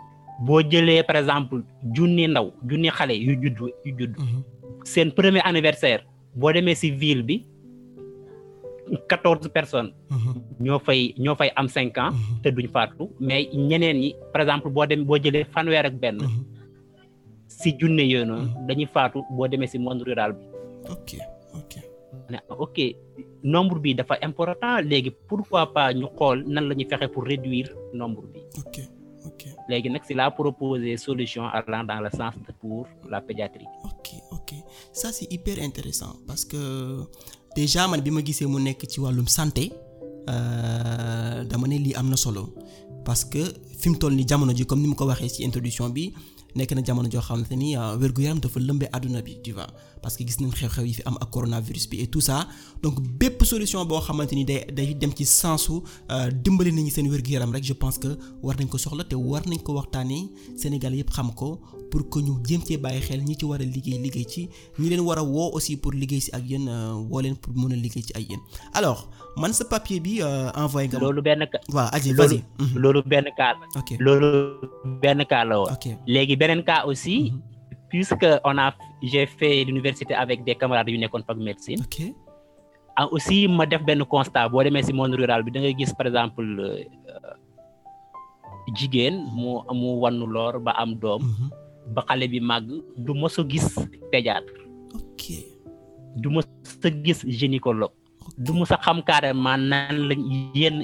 boo jëlee par exemple junni ndaw junni xale yu judd yu judd mm-hmm. seen premier anniversaire boo demee si bi quatorze personnes. Mhm. ñoo fay ñoo fay am cinq ans. Mhm. te duñ faatu mais ñeneen ñi par exemple boo dem boo jëlee fanweer ak benn. Mhm. si junne yooyu dañuy faatu boo demee si monde rural bi. ok ok nombre bi dafa important léegi pour pourquoi pas ñu xool nan la ñuy fexe pour réduire nombre bi. léegi nag c'est la proposer solution allant dans le sens pour la pédiatrie. ok ok ça c'est hyper intéressant parce que. déjà man bi ma gisee mu nekk ci wàllum sante euh, dama ne lii am na solo parce que fi mu toll ni jamono ji comme ni mu ko waxee ci introduction bi nekk na jamono joo xamante ni ah, wér-gu-yaram dafa lëmbee àdduna bi tu vois parce que gis nañ xew-xew yi fi am ak coronavirus bi et tout ça donc bépp solution boo xamante ni day day dem ci sensu euh, dimbali nañu seen wér-gu-yaram rek je pense que war nañ ko soxla te war nañ ko waxtaanee Sénégal yëpp xam ko pour que ñu jéem cee bàyyi xel ñi ci war a liggéey liggéey ci ñi leen war a woo aussi pour liggéey ci ak yéen euh, woo leen pour mën a liggéey ci ak yéen alors. man sa papier bi euh, envoyé nga. loolu benn ka waaw aji vas-y mhm. loolu benn cas la. loolu benn cas la woon. léegi beneen ka aussi. Mhm. puisque on a j'ai fait l'université avec des camarades yu nekkoon fac médecine. a ah, aussi ma def benn constat boo demee si monde rural bi da ngay gis par exemple euh, jigéen mu mu wannu loor ba am doom. Mhm. ba xale bi màgg du mos gis pédiatre. ok du mos a gis gynécologue. du mu sa xam carrément nan lañ yenn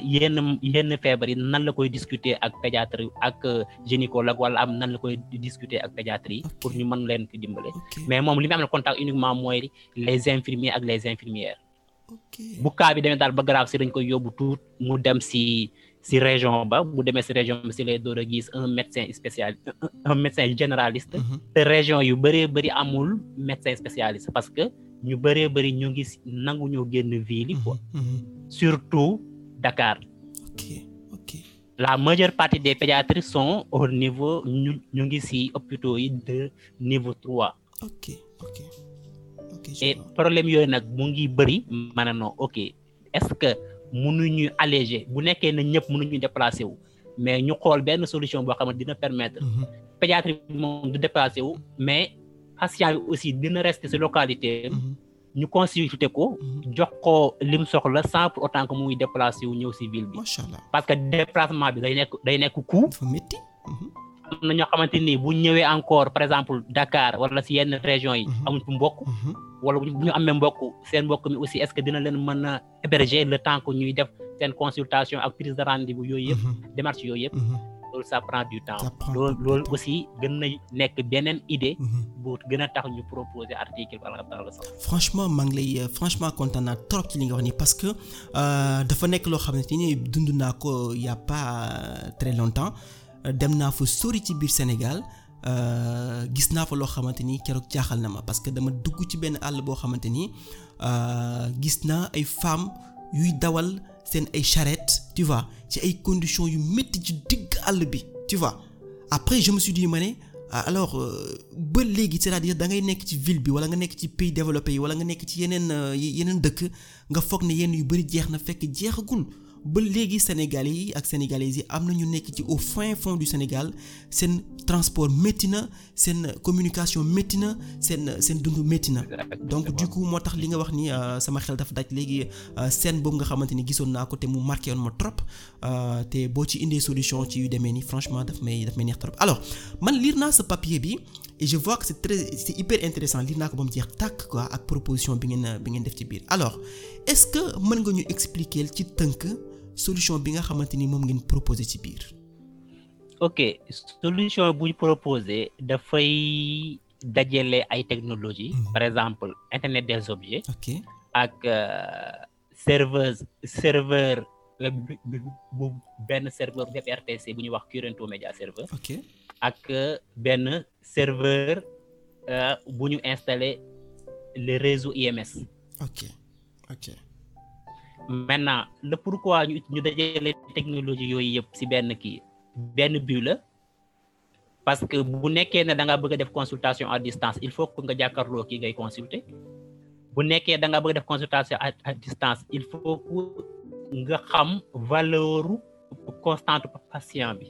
yenn feebar yi nan la koy discuter ak pédiatre ak euh, gynécologue wala am nan la koy discuter ak pédiatre yi pour ñu man leen ci dimbale mais moom li mu am na contact uniquement mooy les infirmiers ak les infirmières bu cas bi demee daal ba grave si dañ koy yóbbu tuut mu dem si si région ba bu demee si région bi si lay door a gis un médecin spécialiste un médecin généraliste mm-hmm. région yu bëree bëri amul médecin spécialiste ñu bëree bëri ñu ngi nangu ñoo génn ville yi mm-hmm, mm-hmm. surtout Dakar ok ok la majeure partie des pédiatres sont au niveau ñu ngi si opito yi de niveau trois ok et problème yooyu nag mu ngi bëri maanaam non ok est-ce que ñuy alléger bu nekkee na ñëpp mënuñu déplacé wu mais ñu xool benn solution boo xam ne dina permettre mm-hmm. pédiatrie moom du déplacé mais patient bi aussi dina rester si localité mhm. ñu consulté ko mhm. jox ko lim soxla sans pour autant que muy déplacé wu ñëw si ville bi parce que déplacement bi day nekk day nekk coût mhm. am na ñoo xamante nii bu ñëwee encore par exemple Dakar wala si yenn région yi amuñ fu mbokk wala bu ñu amee mbokk seen mbokk mi aussi est-ce que dina leen mën a héberger le temps que ñuy def seen consultation ak prise de rendez-vous yooyu yëpp démarche yooyu yëpp loolu ça prend du temps loolu loolu aussi beneen idée mhm. bu gën a tax ñu proposer article par rapport à franchement maa euh, franchement kontaan naa trop ci li nga wax nii parce que euh, dafa nekk loo xam ne ni dund naa ko y a pas euh, très longtemps dem naa fa sori ci biir Sénégal gis naa fa loo xamante ni keroog jaaxal na ma parce que dama dugg ci benn àll boo xamante ni gis naa ay femmes yuy dawal seen ay charrette tu ci ay conditions yu métti ci digg àll bi tu vois après je me suis dit ma ne ah, alors euh, ba léegi c'est-à-dire nekk ci ville bi wala nga nekk ci pays développé yi wala nga nekk ci yeneen euh, yeneen dëkk nga foog ne yenn yu bari jeex na fekk jeexagul. ba léegi sénégal yi ak sénégalaises yi am na ñu nekk ci au fin fond du Sénégal seen transport métti na seen communication metti na seen seen dund métti na donc du coup moo tax li nga wax ni euh, sama xel dafa daj léegi euh, scène boobu nga xamante ni gisoon naa ko te mu marqué woon ma trop euh, te boo ci indee solution ci yu demee ni franchement daf may daf may neex trop alors man lire naa ce papier bi et je vois que très c'est hyper naa ko ba mu jeex tàkk quoi ak proposition bi ngeen bi ngeen def ci biir alors est-ce que mën nga ñu expliquer ci tënk solution bi nga xamante ni moom ngeen proposé ci biir. ok solution buñ proposé dafay dajale ay technologie mhm. par exemple internet des objets. ok ak euh, serveuse bu benn serveur bu ñuy wax Currento Media Server. ak euh, benn serveur euh, buñu ñu installé le réseau IMS. maintenant le pourquoi ñu ñu dajale technologie yooyu yëpp si benn kii benn but la parce que bu nekkee ne da nga bëgg a def consultation à distance il faut que nga jàkkaarloo kii ngay consulter bu nekkee da nga bëgg a def consultation à distance il faut que xam valeur constante patient bi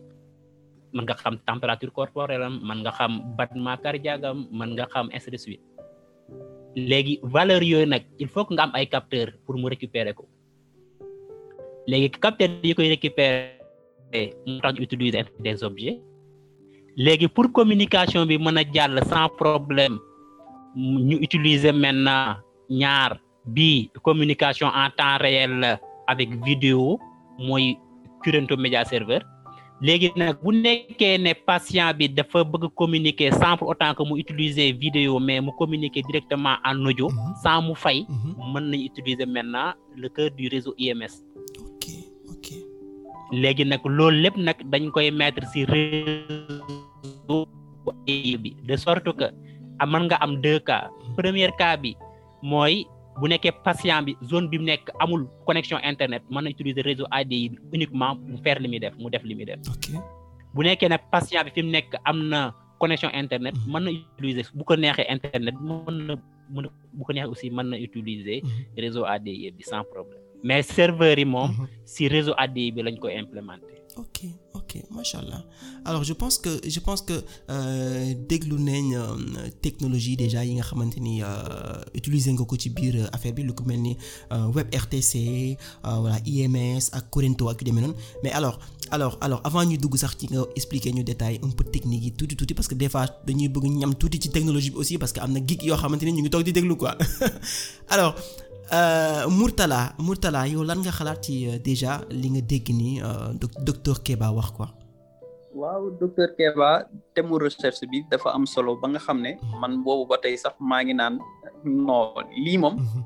man nga xam température corporelle am mën nga xam battement cardiaque am man nga xam ainsi de suite léegi valeur yooyu nag il faut que nga am ay capteurs pour mu récupérer ko léegi capteur yi koy récupérer moo tax ñu utiliser des objets léegi pour communication bi mën a jàll sans problème ñu utiliser maintenant ñaar bi communication en temps réel avec vidéo mooy Currento Media Server léegi nag bu nekkee ne patient bi dafa bëgg communiquer sans pour autant que mu utiliser vidéo mais mu communiquer directement en audio mhm. sans mu fay mhm. mën nañu utiliser maintenant le cœur du réseau IMS léegi nag loolu lépp nag dañ koy mettre ci réseau bi de sorte que man nga am deux cas premier cas bi mooy bu nekkee patient bi zone bi mu nekk amul connexion internet mën na utiliser réseau ADI bi uniquement mu faire li muy def mu def li muy def bu nekkee nag patient bi fi mu nekk am na connexion internet mhm. mën na utiliser bu ko neexee internet mën na mën bu ko neexee aussi mën na utiliser mhm. réseau ADI bi sans problème mais serveur yi moom mhm. si réseau ADI bi lañ ko implémenté. ok ok macha allah alors je pense que je pense que euh, déglu nañ euh, technologie déjà yi nga xamante ni euh, utiliser nga ko ci biir affaire bi lu ko mel ni web RTC voilà IMS ak Corento ak yu demee noonu mais alors alors alors avant ñu dugg sax ci nga expliquer ñu détail un technique yi tuuti tuuti parce que des fois dañuy bëgg ñam tuuti ci technologie bi aussi parce que am na geek yoo xamante ñu ngi toog di déglu quoi alors. Euh, Mourtala Mourtala yow lan nga xalaat ci euh, déjà li nga dégg nii euh, docteur Keba wax ko waaw docteur Keba te recherche bi dafa am solo ba nga xam ne man boobu ba tey sax maa ngi naan non lii moom. Mhm.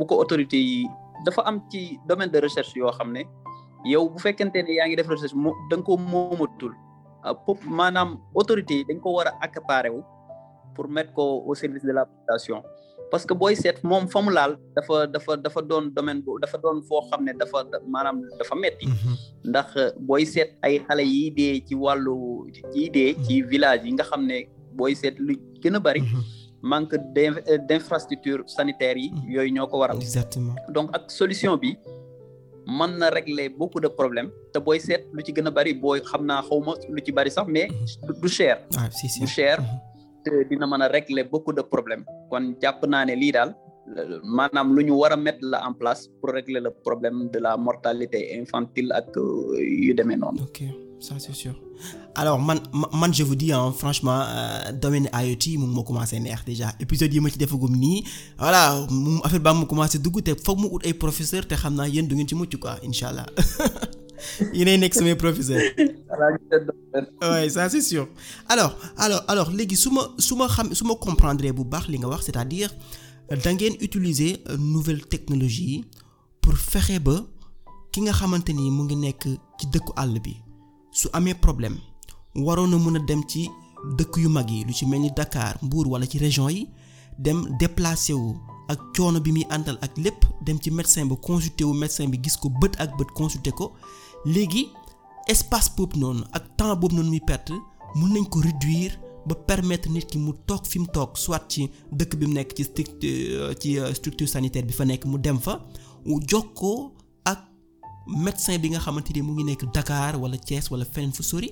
bu ko autorité yi dafa am ci domaine de recherche yoo xam ne yow bu fekkente ne yaa ngi def recherche mo ko nga ko moomatul pop maanaam autorité yi dañ ko war a accaparer wu pour mettre ko au service de la population. parce que booy seet moom fa mu laal dafa dafa dafa doon domaine bu dafa doon foo xam ne dafa maanaam dafa metti mhm. ndax euh, booy seet ay xale yi dee ci wàllu yi dee mhm. ci village yi nga xam ne booy seet lu gën a bari mhm. manque euh, d'infrastructure sanitaire yi yooyu ñoo ko waral exactement donc ak solution bi mën na régler beaucoup de problèmes te booy seet lu ci gën a bari booy xam naa xaw ma lu ci bari sax mais du cher du cher dina mën a régler beaucoup de problèmes kon jàpp naa ne lii daal maanaam lu ñu war a mettre la en place pour régler la problème de la mortalité infantile ak euh, yu demee noonu. ok ça c'est sûr alors man man je vous dis hein, franchement euh, domaine IoT moom ma commencé neex déjà épisode yi ma ci defagum nii voilà moom affaire ba mu commencé dugg te foog mu ut ay professeur te xam naa yéen du ngeen ci mucc quoi incha allah. yéenay nekk samay professeur waaye ça alors alors alors léegi su ma su ma xam su ma comprendre bu baax li nga wax c'est-à-dire da ngeen utiliser euh, nouvelle technologie yi pour fexe ba ki nga xamante ni mu ngi nekk ci dëkku àll bi su amee problème waroon na mën a dem ci dëkk yu mag yi lu ci mel ni Dakar mbuur wala ci région yi dem déplacé wu ak coono bi muy àndal ak lépp dem ci médecin ba consulter wu médecin bi gis ko bët ak bët consulter ko léegi espace boobu noonu ak temps boobu noonu muy perte mun nañ ko réduire ba permettre nit ki mu toog fi mu toog soit ci dëkk bi mu nekk ci euh, ci euh, structure sanitaire bi fa nekk mu dem fa mu jokkoo ak médecin bi nga xamante ni mu ngi nekk dakaar wala Thiès wala feneen fu sori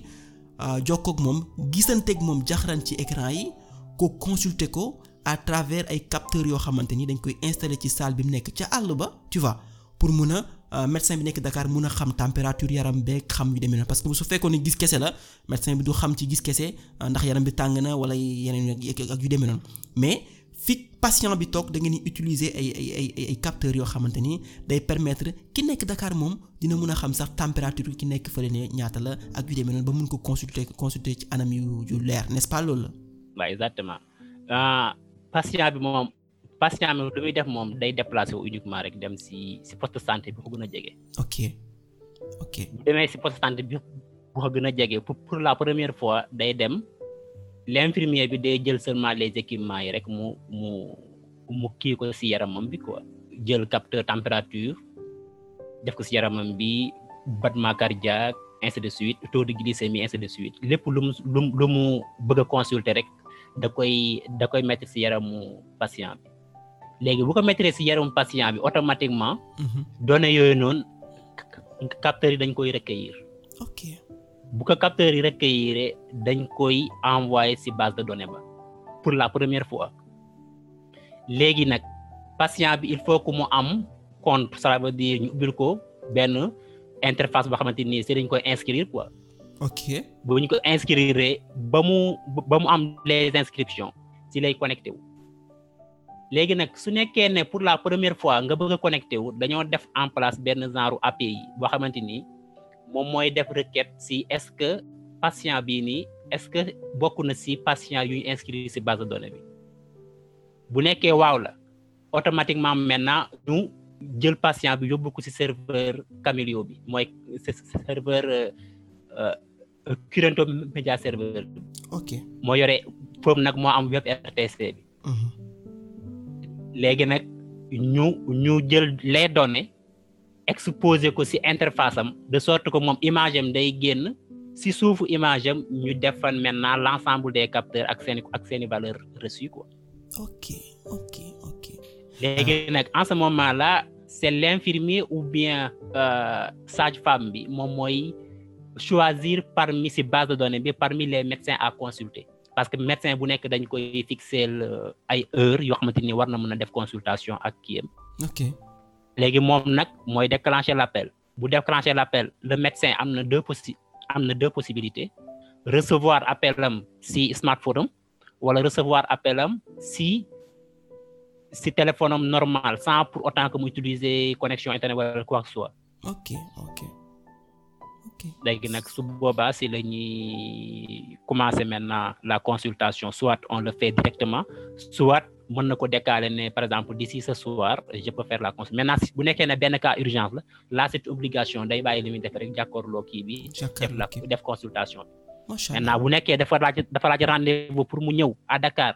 euh, jokkoog moom gisanteeg moom jaxaran ci écran yi ko consulter ko à travers ay capteurs yoo xamante ni dañ koy installé ci saal bi mu nekk ca àll ba tu pour mun a Euh, médecin bi nekk Dakar mun a xam température yaram beeg xam yu demee noonu parce euh, bi tàng na wala yeneen ak yu demee noonu mais fi patient bi toog da ngeen di utiliser ay ay ay ay yoo xamante ni day permettre ki nekk dakaar moom dina mun a xam sax température ki nekk fële ne ñaata la ak yu demee noonu ba mun ko consulter consulter ci anam yu yu leer n'est-ce pas loolu la. waaw euh, bi moom patient mi lu muy def moom day déplacé wu uniquement rek dem si si poste santé bi ko gën a jege. ok ok bu demee si poste santé bi bu ko gën a jege pour la première fois day dem l'infirmier bi day jël seulement les équipements yi rek mu mu mu kii ko si yaramam bi quoi jël capteur température def ko si yaramam bi battement cardiaque ainsi de suite taux de glycémie ainsi de suite lépp lu mu lu mu rek da koy da koy mettre si yaramu patient léegi bu ko maîtriser ci yaram patient bi automatiquement. Mhm. données yooyu noonu capteurs yi dañ koy recueillir. ok bu ko capteurs yi recueillir dañ koy envoyé ci base de données ba pour la première fois léegi nag patient bi il faut que mu am compte ça veut dire ñu ubbil ko benn interface boo xamante ni ci dañ koy inscrire quoi. ok bu ñu ko inscrire ba mu ba mu am les inscriptions ci lay connecté léegi nag su nekkee ne pour la première fois nga bëgg a wu dañoo def en place benn genre API boo xamante ni moom mooy def requête si est-ce que patient bii nii est-ce que bokk na si patient yuy inscrit si base de bi bu nekkee waaw la automatiquement maintenant ñu jël patient bi yóbbu ko si serveur Camilio bi mooy serveur Currento euh, Media Server. ok moo yore foofu nag moo am web RTC bi. léegi nag ñu ñu jël les données exposé ko si interface am de sorte que moom image am day génn si suufu imagem ñu defan maintenant l'ensemble des capteurs ak seen ak seeni valeur reçue quoi. ok ok léegi euh. nag en ce moment là c'est l'infirmier ou bien euh, sage-femme bi moom mooy choisir parmi ci base de données bi parmi les médecins à consulter. parce que médecin bu nekk dañ koy fixeel euh, ay heure yoo xamante ni war na mën a def consultation ak kiyam ok léegi moom nag mooy déclencher l'appel bu déclencher l'appel le médecin am na deux possi am na deux possibilités recevoir appel am si smartphone am wala recevoir appel si si téléphone am normal sans pour autant que mu utiliser connexion internet wala quoi que soit ok gi nag su boobaa si la ñuy commencer maintenant la consultation soit on le fait directement soit mën na ko décaler ne par exemple d'ici ce soir je peux faire la consultation maintenant bu nekkee ne benn cas urgence la là c'est obligation li muy def rek jàkkaarloo kii bi def la def consultation bi maintenant bu nekkee dafa laaj dafa laaj rendez-vous pour mu ñëw à Dakar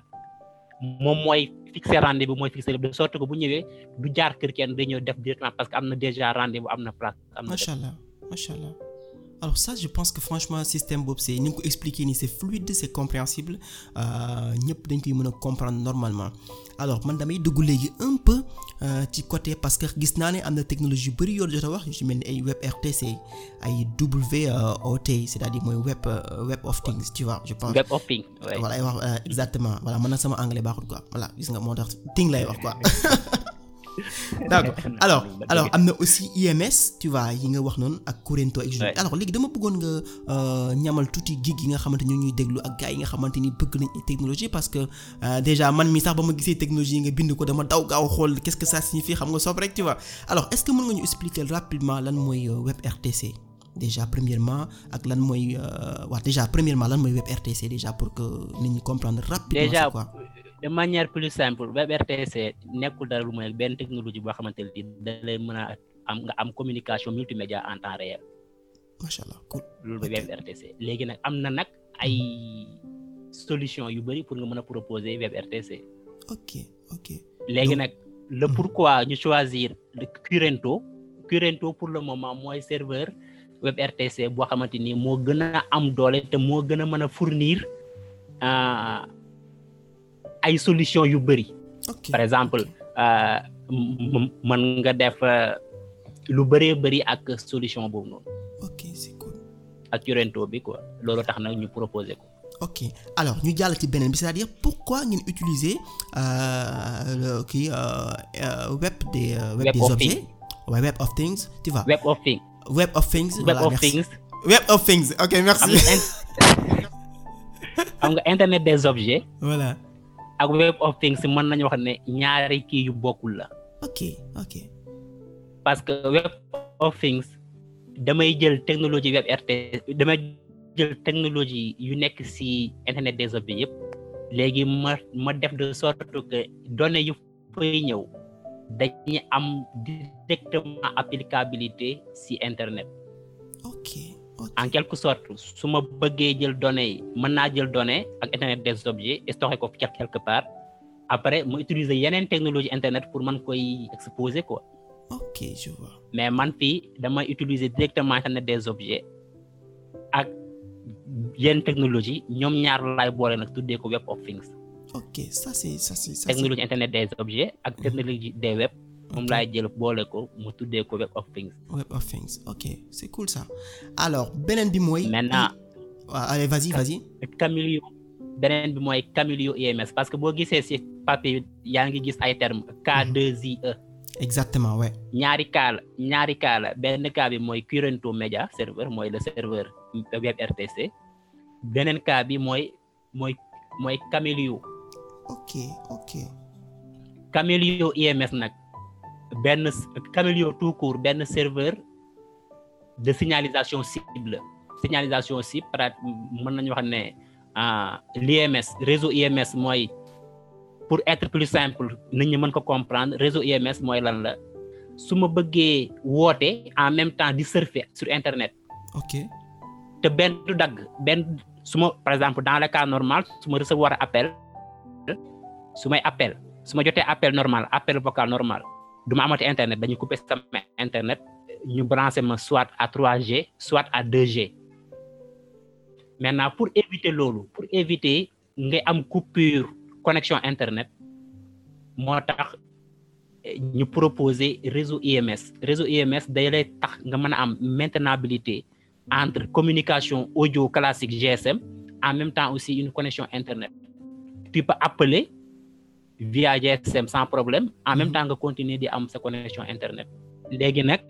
moom mooy fixer rendez mooy fixer de sorte que bu ñëwee du jaar kër kenn day ñëw def directement parce que am na déjà rendez-vous am na place am na macha alors ça je pense que franchement système boobu c'est ni nga ko expliquer nii c'est fluide c'est compréhensible euh, ñëpp dañ koy mën a comprendre normalement alors man damay dugg léegi un peu euh, ci côté parce que gis naa ne am na technologie yu bëri yoo jot a wax yu mel ni ay web RTC ay WOT mooy web euh, web of things ci vois je pense. web of things voilà ay wax exactement voilà man na sama anglais baaxul quoi voilà gis nga moo tax thing lay wax quoi. d'accord alors alors am na aussi IMS tu yi nga wax noonu ak Kurento ak Juju alors léegi dama bëggoon nga euh, ñamal tuuti gig yi nga xamante ñu ñuy déglu ak yi nga xamante ni bëgg nañ technologie parce que euh, déjà man mi sax ba ma gisee technologie yi nga bind ko dama daw gaaw xool qu'est-ce que ça signifie xam nga soob rek tu vois alors est-ce que mën nga ñu expliquer lan mooy euh, WebRTC déjà premièrement ak lan mooy wax déjà premièrement lan mooy WebRTC déjà pour que nit ñu comprendre rapidement c'est quoi de manière plus simple web RTC nekku dara lu mooy benn technologie boo xamante ne da lay mën a am nga am communication multimédia en temps réel. macha allah web RTC léegi nag am na nag ay solution yu bëri pour nga mën a proposer web RTC. ok ok léegi nag le pourquoi ñu choisir le Currento Currento pour le moment mooy serveur web RTC boo xamante ni moo gën a am doole te moo gën a mën a fournir. Euh, ay solution yu bëri par exemple euh, mën nga def euh, lu bëree bëri ak solution boobu noonu ok c'est cool ak tax nag ñu proposé ko ok alors ñu jàll ci beneen bi c'est-à-dire pourquoi ngeen utiliser euh, kii web des web des objets merci xam nga internet des objets voilà ak web of mën nañu wax ne ñaari kii yu bokkul la. ok ok. parce que web of damay jël technologie web RTS damay jël technologie yu nekk ci internet des objets yëpp léegi ma ma def de sorte que données yu fay ñëw dañuy am directement applicabilité ci internet. en quelque sorte su ma bëggee jël données yi mën naa jël données ak internet des objets stocké ko quelque part après mu utiliser yeneen technologie internet pour man koy exposer quoi. ok je vois. mais man fi dama utiliser directement internet des objets ak yenn technologie ñoom ñaar laay boole nag tuddee ko web of things. ok ça internet des objets ak mhm. technologie des web. moom laay jël boole ko mu tuddee ko web of things. web of things ok c'est cool alors beneen bi mooy. maintenant waaw allez vas-y vas-y. beneen bi mooy Camilio EMS parce que boo gisee si papier yaa ngi gis ay termes K2IE. Mhm. exactement ouais. ñaari K la ñaari K la benn K bi mooy Currento Media Server mooy le serveur web RTC beneen K bi mooy mooy mooy Camilio. ok ok. Camilio EMS nag. benn Camélio tout court benn serveur de signalisation cible signalisation cible prate mën nañu wax ne ah, l'IMS réseau IMS mooy pour être plus simple nit ñi mën ko comprendre réseau IMS mooy lan la su ma bëggee woote en même temps di surfer sur internet. ok te benn du dagg benn su ma par exemple dans le cas normal su ma recevoir appel su may appel su ma jotee appel normal appel vocal normal. du ma amati internet dañu couper sama internet ñu branché ma soit à 3G soit à 2G maintenant pour éviter loolu pour éviter ngay am coupure connexion internet moo tax ñu proposer réseau IMS réseau IMS day lay tax nga mën a am maintenabilité entre communication audio classique GSM en même temps aussi une connexion internet tu peux via GSM sans problème en même mhm. temps nga continuer di am sa connexion internet léegi nag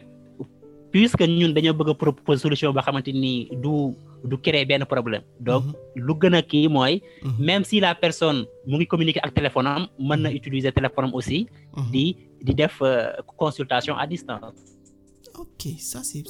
puisque ñun dañoo bëgg a proposer solution boo xamante ni du du créer benn problème donc mhm. lu gën a kii mooy mhm. même si la personne mu ngi communiquer ak téléphone am mën na utiliser téléphone aussi di di def euh, consultation à distance ok ça c'est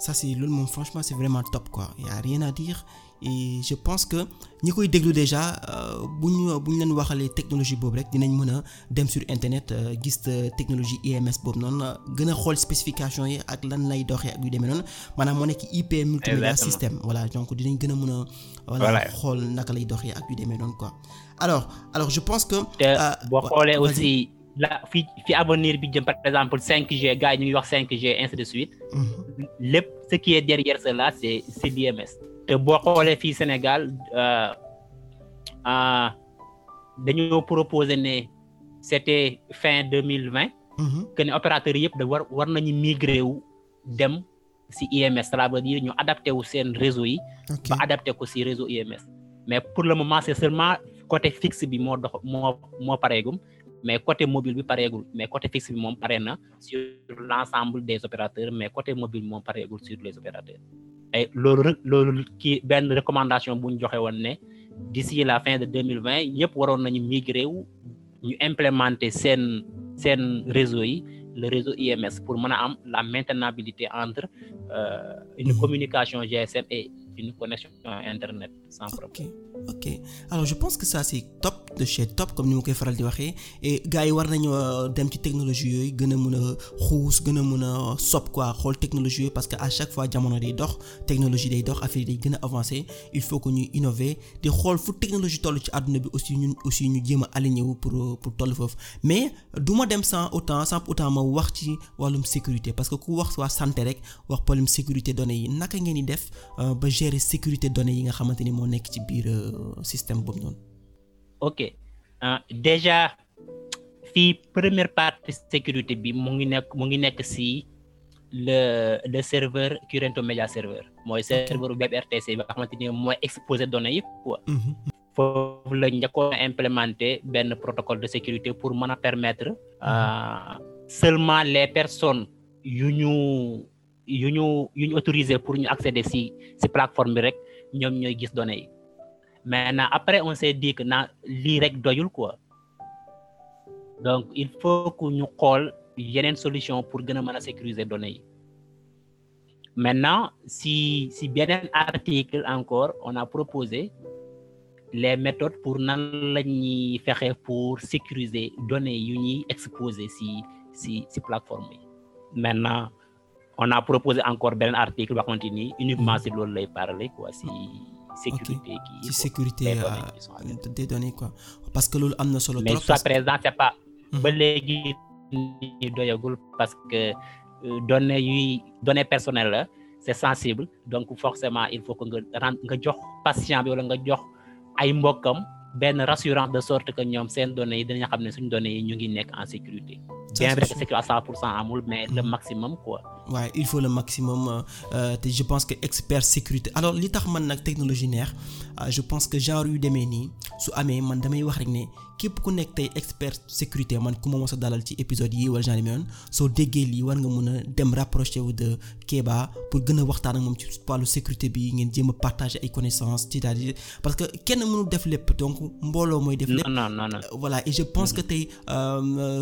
ça c'est loolu moom franchement c'est vraiment top quoi y rien à dire je pense que ñi koy déglu déjà euh, bu ñu bu ñu leen waxalee technologie boobu rek dinañ mën a dem sur internet euh, gis euh, technologie IMS boobu noonu gën a xool spécification yi ak lan lay doxee ak yu demee noonu maanaam moo nekk IP multimédia système voilà donc dinañ gën a mën a. voilà xool naka lay doxee ak yu demee noonu quoi. alors alors je pense que. te boo xoolee aussi la fi fi avenir bi jëm par exemple 5G gars yi ñu ngi wax 5G ainsi de suite. Mhm. lépp ce qui est derrière cela c'est c'est te boo xoolee fii Sénégal euh, euh, dañoo proposé ne c'était fin deux mille vingt. Mhm. que ne opérateurs yëpp da war war nañu migrer wu dem si IMS cela veut dire ñu adapté wu seen réseau yi. ba adapté ko si réseau IMS. mais pour le moment c'est seulement côté fixe bi moo dox moo moo pareegum mais côté mobile bi pareegul mais côté fixe bi moom pare na sur l'ensemble des opérateurs mais côté mobile moom pareegul sur les opérateurs. ay eh, loolu loolu kii benn recommandation bu ñu joxe woon ne d'ici la fin de deux mille vingt ñëpp waroon nañu migrer wu ñu implémenter seen seen réseau yi le réseau IMS pour mën a am la maintenabilité entre euh, une mm-hmm. communication GSM une connexion à internet sans problème. ok ok alors je pense que ça c'est top de chez top comme ni ma koy faral di waxee et war nañoo euh, dem ci technologie yooyu gën a mën a xuus gën a mën a sopp quoi xool technologie yooyu parce que à chaque fois jamono day dox technologie day dox affaire yi gën a avancé il faut que ñu innover di xool fu technologie toll ci àdduna bi aussi ñun aussi ñu jéem a aligné wu pour euh, pour toll foofu mais du ma dem sans autant sans autant ma wax ci wàllum sécurité parce que gérer sécurité données yi nga xamante ni moo nekk ci biir euh, système boobu noonu. ok euh, déjà fii première partie sécurité bi mu ngi nekk mu ngi nekk si le le serveur Currento média Server mooy serveur web RTC bi nga xamante ni mooy exposé données yëpp quoi. Mm-hmm. foofu la njëkkoon implémenté benn protocole de sécurité pour mën a permetre mm-hmm. euh, seulement les personnes yu ñu. yu ñu yu ñu autorisé pour ñu accéder si si plateforme bi rek ñoom ñooy gis données yi maintenant après on s'est dit que na lii rek doyul quoi donc il faut que ñu xool yeneen solution pour gën a mën a sécuriser données yi maintenant si si beneen article encore on a proposé les méthodes pour nan la ñi fexe pour sécuriser données yu ñuy exposer si si si plateforme yi on a proposé encore beneen article boo xamante ni uniquement mm. si loolu lay parler quoi si. sécurité kii si sécurité euh, des données quoi parce que loolu am na solo. trop mais soit mm. ba léegi ñu doyagul parce que euh, données yuy données personnelles la euh, c'est sensible donc forcément il faut que nga rend nga jox patient bi wala nga jox ay mbokkam benn rassurance de sorte que ñoom seen données yi dinañ xam ne suñu données yi ñu ngi nekk en sécurité. bien vrai le maximum quoi. waaw ouais, il faut le euh, euh, pense que expert sécurité alors li tax man nag technologie neex euh, je pense que genre yu demee nii su man damay wax rek ne képp ku nekk tey expert sécurité man ku ma mos dalal ci yi wala genre yoon soo déggee lii war nga mën a dem rapproché wu de Kéba pour gën a waxtaan ak moom ci wàllu sécurité bi ngeen jéem a partager ay connaissances c'est-à-dire parce que kenn mënul def lépp donc mbooloo mooy def lépp. non non je pense mm-hmm. que tey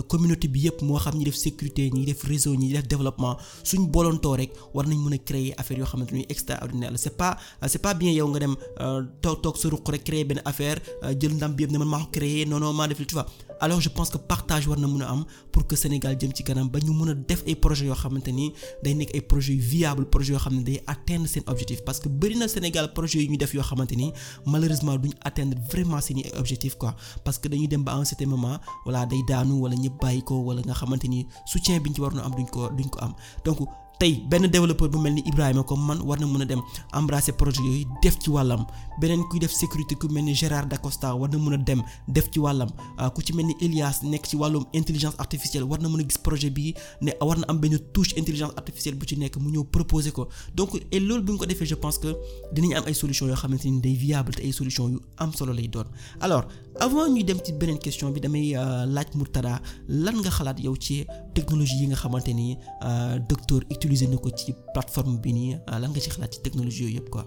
communauté bi yëpp. moo xam ñi def sécurité ñi def réseau ñi def développement suñ bolontoo rek war nañ mën a créer affaire yoo xamante ni extraordinaire la c'est pas c'est pas bien yow nga dem euh, toog toog sa ruq rek créer benn affaire euh, jël ndam bi yëpp ne man maa ko créer non non maa def li tu alors je pense que partage war na mën a am pour que Sénégal jëm ci kanam ba ñu mën a def ay projets yoo xamante ni day nekk ay projet yu viable projets yoo xam ne day atteindre seen objectif parce que bëri na Sénégal projets yu ñu def yoo xamante ni malheureusement duñ atteindre vraiment seen i objectif quoi parce que dañuy dem ba à un certain moment voilà day daanu wala ñëpp bàyyi ko wala nga xamante ni soutien biñ ci war a am duñ ko duñ ko am donc tey benn développeur bu mel ni Ibrahima comme man war na mën a dem embrasser projet yooyu def ci wàllam beneen kuy def sécurité ku mel ni Gérard Dacosta war na mën a dem def ci wàllam ah, ku ci mel ni Elias nekk ci wàllum intelligence artificielle war na mën a gis projet bi ne war na am benn touche intelligence artificielle bu ci nekk mu ñëw proposé ko donc loolu bu ñu ko defee je pense que dinañ am ay solution yoo xamante ni day viable te ay solutions yu am solo lay doon alors avant ñuy dem ci beneen question bi damay ah, laaj Murtada lan nga xalaat yow ci technologie yi nga xamante ni euh, docteur utiliser na ko ci plateforme bi nii euh, lan nga ci xalaat ci technologie yooyu yëpp quoi.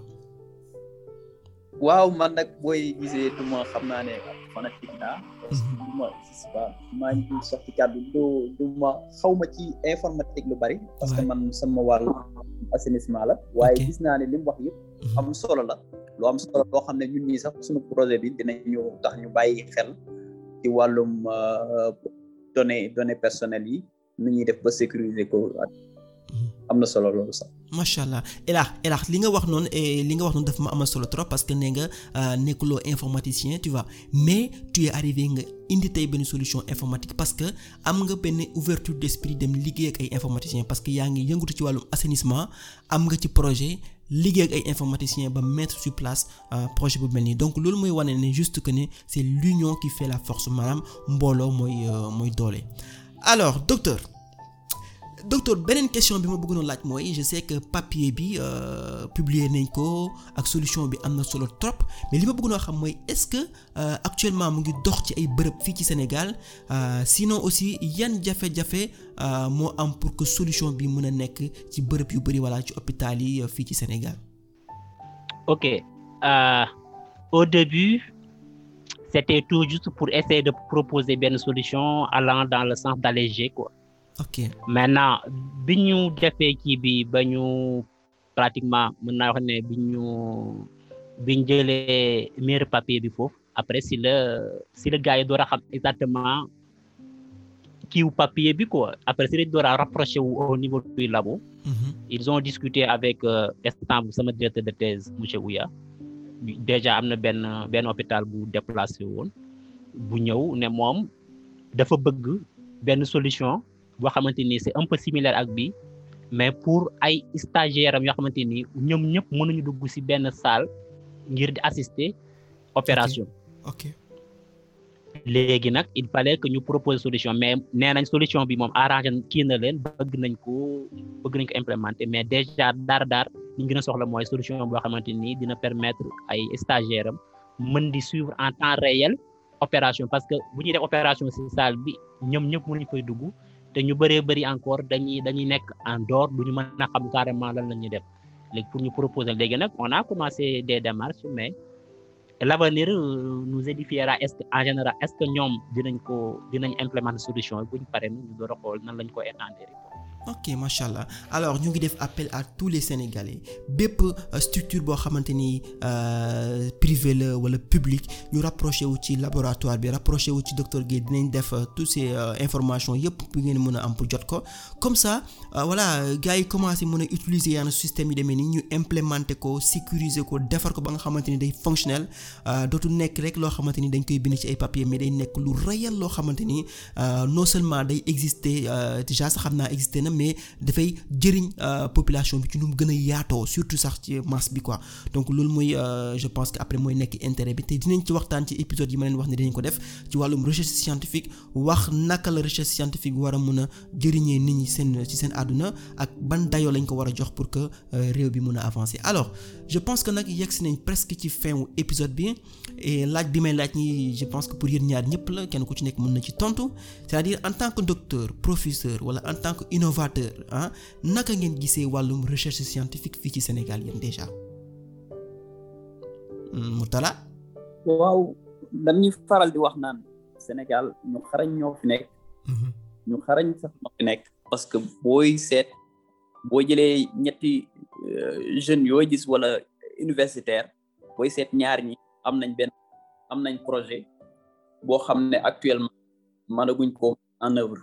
waaw man nag booy gisee du xam naa ne fanatique naa. Mhm. du ma ma xaw ma ci informatique lu bari. parce que man sama wàllu assainissement la. waaye gis naa ne li mu wax yëpp. Mhm. am solo la. lu am solo loo xam ne ñun ñii sax suñu projet bi dina dinañu tax ñu bàyyi xel ci wàllum euh, données données personnelles yi. nu ñuy def ba sécuriser ko am na solo loolu sax. macha allah Ela li nga wax noonu eh, li nga wax noonu dafa ma am amal solo trop parce que nee nga euh, nekkuloo informaticien tu vois mais tu es arrivé nga indi tey benn solution informatique parce que am nga benn ouverture d'esprit dem liggéey ak ay informaticiens parce que yaa ngi yëngatu ci wàllum assainissement am nga ci projet. liggéey ak ay informaticiens ba mettre sur place euh, projet bu mel nii donc loolu mooy wane ne juste que ne c'est l'union qui fait la force maanaam mbooloo mooy euh, mooy doole. alors docteur docteur beneen question bi ma bëgg noo laaj mooy je sais que papier bi euh, publier nañ ko ak solution bi am na solo trop mais li ma bëgg noo xam mooy est-ce que euh, actuellement mu ngi dox ci ay bërëb fii ci Sénégal euh, sinon aussi yan jafe-jafe euh, moo am pour que solution bi mën a nekk ci bërëb yu bari walla ci hôpital yi euh, fii ci Sénégal. ok au début. c'était tout juste pour essayer de proposer benn solution allant dans le sens d'alléger quoi. mais maintenant bi ñu defee kii bi ba ñu pratiquement mën naa wax ne bi ñu bi ñu jëlee mur papier bi foofu après si la si la gars yi door a xam exactement kiiw papier bi quoi après si la door a rapproché wu au niveau du labo. Mhm. ils ont discuté avec euh, sama directeur de thèse monsieur Ouya. déjà am na benn benn hôpital bu déplacé woon bu ñëw ne moom dafa bëgg benn solution boo xamante ni c'est un peu similaire ak bi mais pour ay stagiaires am yoo xamante ni ñoom ñëpp mënuñu dugg ci benn salle ngir di assister opération. léegi nag il fallait que ñu propose solution mais nee nañ solution bi moom arrangé kii na leen bëgg nañ ko bëgg nañ ko implémenter mais déjà daar daar li ñu gën a soxla mooy solution boo xamante nii dina permettre ay stagiaires am mën di suivre en temps réel opération parce que bu ñuy def opération ci salle bi ñoom ñëpp mënuñ koy dugg te ñu bëree bëri encore dañuy dañuy nekk en dehors bu ñu mën a xam carrément lan la ñuy def léegi pour ñu proposer léegi nag on a l'avenir euh, nous édifiera est-ce que en général est-ce que ñoom dinañ ko dinañ implémenter solution buñ pare ñu door a xool nan lañ ko étendre ok macha allah alors ñu ngi def appel a tous les sénégalais bépp euh, structure boo xamante ni euh, privé la wala public ñu rapproché wu ci laboratoire bi rapproché wu ci docteur Guèye dinañ def euh, tous ces informations yépp bu ngeen mën a am pour jot ko comme ça voilà gaa yi commencé mën a utiliser yenn système yi demee nii ñu implémenter ko sécuriser ko defar ko ba nga xamante ni day fonctionnel dootu nekk rek loo xamante ni dañ koy bind ci ay papier mais day nekk lu réel loo xamante ni non seulement day exister déjà sax xam naa exister na na mais dafay jëriñ euh, population bi ci nu mu gën a yaatoo surtout sax ci masse bi quoi donc loolu mooy euh, je que après mooy nekk intérêt bi te dinañ ci waxtaan ci épisode yi ma leen wax ne dinañ ko def ci wàllum recherche scientifique wax naka la recherche scientifique war a mën a jëriñee nit ñi seen ci seen àdduna ak ban dayoo lañ ko war a jox pour que euh, réew bi mun a avancer alors je pense que nag si nañ presque ci fin wu épisode bi et laaj bi may pense que pour yéen ñaar ñëpp la kenn ku ci nekk mën na ci tontu novateur ah naka ngeen gisee wàllum recherche scientifique fii ci Sénégal yéen déjà Moutala hmm, waaw dañuy faral di wax naan Sénégal ñu xarañ ñoo fi nekk mhm. ñu xarañ sax ñoo fi nekk parce que booy seet boo jëlee ñetti euh, jeunes yooy gis wala universitaire booy seet ñaar ñi am nañ benn am nañ projet boo xam ne actuellement mënaguñ ko en œuvre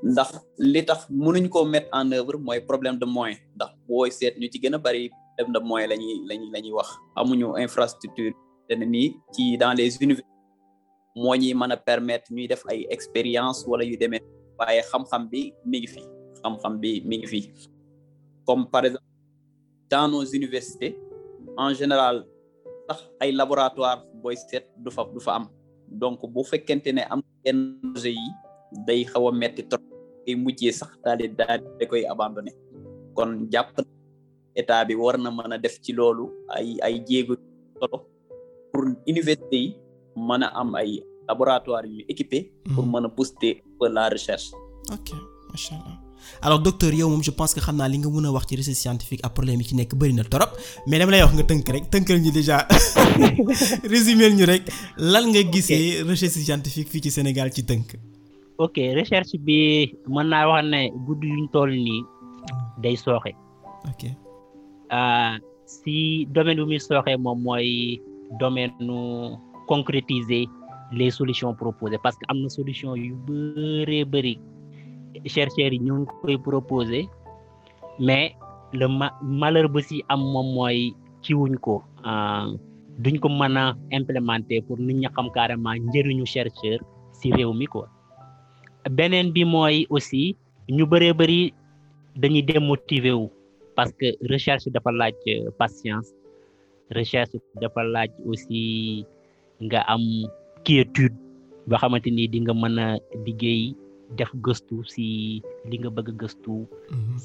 ndax li tax mënuñ koo mettre en œuvre mooy problème de moyen ndax booy seet ñu ci gën a bari problème de moyen la ñuy lañuy la ñuy wax amuñu infrastructure te nii ci dans les universités moo ñuy mën a permettre ñuy def ay expérience wala yu demee waaye xam-xam bi mi ngi fi xam-xam mi ngi fi comme par exemple dans nos universités en général tax ay laboratoire booy seet du fa du fa am donc bu fekkente ne am yenn projet yi day xaw a metti koy mujjee sax daal daal da koy abandonné kon jàpp état bi war na mën a def ci loolu ay ay jéego solo pour université yi mën a am ay laboratoire yu équipé pour mhm. mën a booster la recherche ok macha allah alors docteur yow moom je pense que xam naa li nga mën a wax ci recherche scientifique ak problème yi ci nekk bëri na torop mais dama lay wax nga tënk rek tënkal ñu déjà résumé ñu rek lan nga gisee recherche scientifique fii ci Sénégal ci tënk ok recherche bi mën naa wax ne guddi yuñ toll nii day sooxe. ok ah, si domaine bu muy sooxe moom mooy domaine nu concrétiser les solutions proposées parce que am na solution yu bëree bëri chercheurs yi ñu ngi koy proposer mais le malheur bu si am moom mooy ci ko ko. Ah, duñ ko mën a implémenter pour nit ñi xam carrément njëriñu chercheur si réew mi quoi. beneen bi mooy aussi ñu bëree bëri dañuy démotiver wu parce que recherche dafa laaj euh, patience recherche dafa laaj aussi nga am quiétude boo xamante ni di nga mën a liggéey def gëstu si li nga bëgg a gëstu mm-hmm.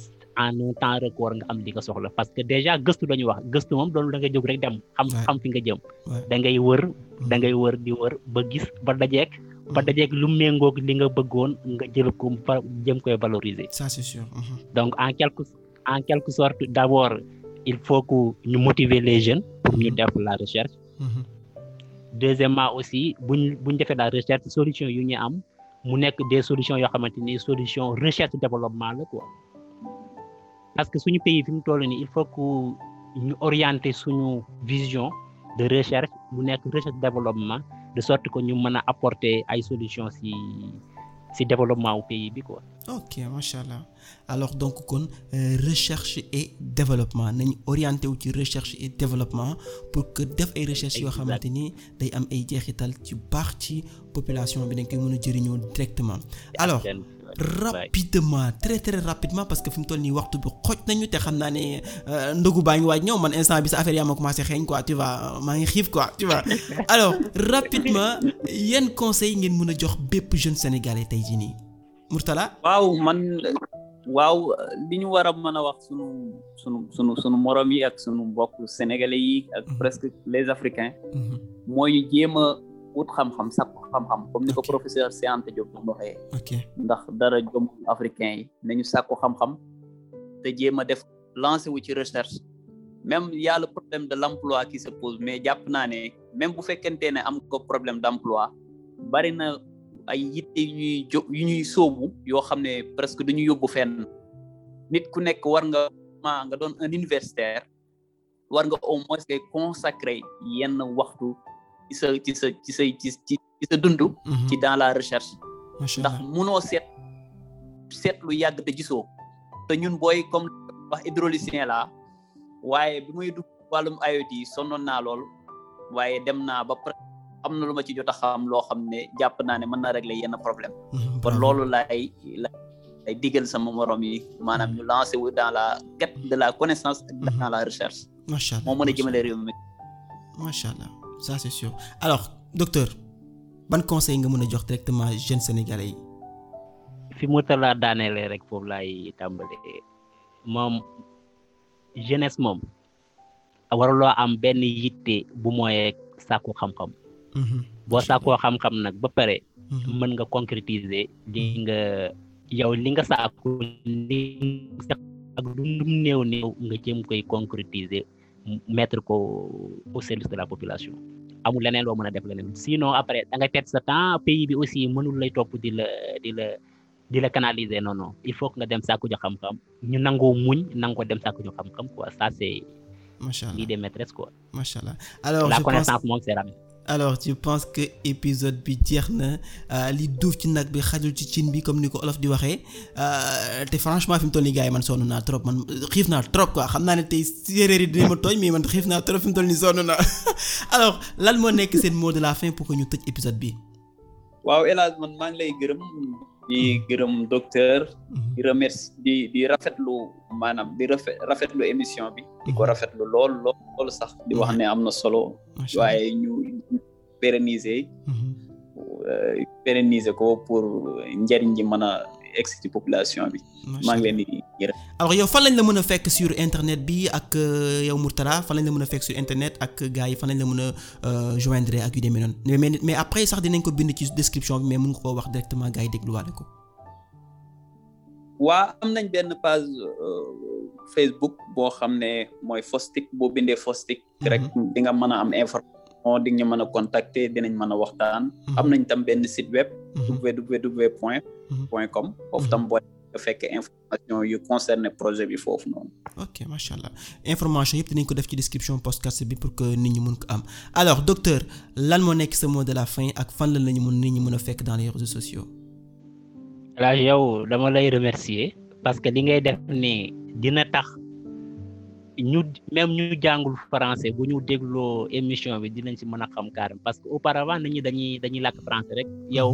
en un temps record nga am li nga soxla parce que déjà gëstu la ñuy wax gëstu moom doonul da nga jóg rek dem xam xam fi nga jëm da wër mm-hmm. da wër di wër ba gis ba dajeek ba mhm. dajeeg lu méngoog li nga bëggoon nga jël ko jëm koy valoriser. ça c'est sûr. Mhm. donc en quelque en quelque sorte d'abord il faut que ñu motiver les jeunes pour ñu mhm. def la recherche. deuxièmement aussi buñ buñ defee la recherche solution yu ñu am mu nekk des solutions yoo xamante ni solution recherche développement la quoi parce que suñu pays fi mu toll nii il faut ku ñu orienter suñu vision de recherche mu nekk recherche développement. de sorte que ñu mën a apporter ay solutions si développement wu pays bi ko ok macha allah alors donc kon euh, recherche et développement nañ orienté wu ci recherche et développement pour que def ay recherche yoo xamante ni day am ay jeexital ci baax ci population bi dañ koy mën a jëriñoo directement alors. rapidement très très rapidement parce que fi mu toll nii waxtu bi xooj nañu te xam naa ne euh, ndogu baa ngi waaj ñëw man instant bi sa affaire yaa ma commencé xeeñ quoi tu vois euh, maa ngi xiif quoi tu vois rapidement yan conseil ngeen mën a jox bépp jeune sénégalais tey jii nii Mourtala. waaw man waaw li ñu war a mën a wax sunu sunu sunu sunu morom yi ak sunu mbokk sénégalais yi ak mhm. presque les africains. Mhm. mooy jéem wut xam-xam sakku xam-xam comme ni ko professeur Cheikh Anta Diop doon ndax dara jom africain yi nañu sakku xam-xam te jéem a def lancer wu ci recherche même yàlla a problème de l'emploi qui se pose mais jàpp naa ne même bu fekkente ne am ko problème d'emploi bari na ay yitte yu ñuy soobu yoo xam ne presque duñu yóbbu fenn nit ku nekk war nga ma nga doon un universitaire war nga au moins ngay consacrer yenn waxtu ci sa ci sa ci say ci ci sa dund ci dans la recherche ndax munoo seet seet lu yàgg te gisoo te ñun booy comme wax la waaye bi muy dugg wàllum IoT sonnoon naa lool waaye dem naa ba am na lu ma ci jot a xam loo xam ne jàpp naa ne mën na régler yenn problème mhm, kon loolu laay lay digal sama morom yi maanaam ñu lancé wu dans la quête de la connaissance ak mhm. dans la recherche moo mën a jëmale réew mi macha allah ça c'est sûr alors docteur ban conseil nga mën a jox directement jeunes sénégalais yi. fi mu toll laa daanelee rek foofu laay tàmbalee moom jeunesse moom waruloo am benn yitte bu mooy sàkku xam-xam. Mhm. boo sàkkoo xam-xam nag ba pare. Mhm. mën nga concrétiser li nga yow li nga sàkku ak lu néew néew nga jéem koy concrétiser mettre ko au service de la population amul leneen loo mën a def leneen sinon après da nga sa temps pays bi aussi mënul lay topp di la di la di la canaliser non non il faut que nga dem sàkku ju xam-xam ñu nangoo muñ nangoo dem sàkku ju xam-xam quoi ça c'est. macha allah l'idée maîtresse quoi. macha allah alors la je moom c'est alors je pense que épisode bi jeex na euh, li duuf ci nag bi xajul ci cin bi comme ni ko olof di waxee euh, te franchement fi mu toll nii gars yi man sonn naa trop man xiif naa trop quoi xam naa ne tey séeréer yi dinañ ma tooñ mais man xiif naa trop fi toll nii sonn naa alors lan moo nekk seen mot de la fin pour que ñu tëj épisode bi. waaw El man maa ngi lay gërëm. di mhm. gërëm docteur. Mhm. di remercier di rafetlu maanaam di rafetlu émission bi. di ko mhm. rafetlu lool lool lool sax. di wax ne am na solo. waaye ñu pérenniser. Euh, pérenniser ko pour njëriñ ji mën a. ex ci population bi. maa ngi di gërëm. alors yow fan lañ la mën a fekk sur internet bi ak euh, yow Mourtala fan lañ la mën a fekk sur internet ak gars yi fan lañ la mën a euh, joindre ak yu demee noonu mais mais après sax dinañ ko bind ci description bi mais mun nga koo wax directement gars yi dégluwaale ko. waa am nañ benn page euh, Facebook boo xam ne mooy Fostik boo bindee Fostik. Mhm. rek di nga mën a am information. di nga mën a contacter dinañ mën a waxtaan. Mhm. am nañ tam benn site web. Mhm. www point mhm. foofu tam boo fekk information yu concerne projet bi foofu noonu. ok macha allah information yëpp dinañ ko def ci description podcast bi pour que nit ñi mën ko am alors docteur lan moo nekk sa mot de la fin ak fan la ñu mën nit ñi mën a fekk dans les réseaux sociaux. yow dama lay remercier parce li ngay def nii dina tax. ñu même ñu jàngul français bu ñu dégloo émission bi dinañ ci mën a xam carrément parce que auparavant nit ñi dañuy dañuy làkk français rek mm-hmm. yow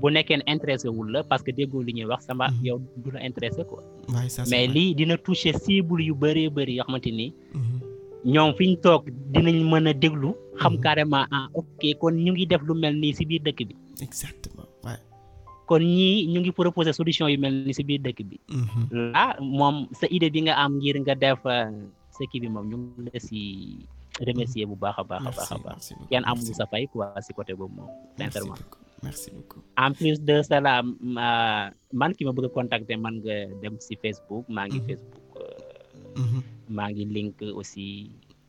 bu nekkee intéressé wul la parce que déggoo li ñuy wax sama mm-hmm. yow du la intéressé quoi mais lii dina toucher cible yu bëree bëri yoo xamante ni mm-hmm. ñoom fi ñu toog dinañ mën a déglu xam carrément ah ok kon ñu ngi def lu mel nii si biir dëkk bi kon ñii ñu ngi proposer solution yu mel ni si biir dëkk bi. ah moom sa idée bi nga am ngir nga def euh, sa kii bi moom ñu ngi la si remercier bu baax a baax a baax kenn amul sa fay quoi si côté boobu moom sincèrement. merci de cela man ki ma bëgg a contacter man nga dem si Facebook maa ngi mhm. Facebook. Euh, mhm. maa ngi link aussi.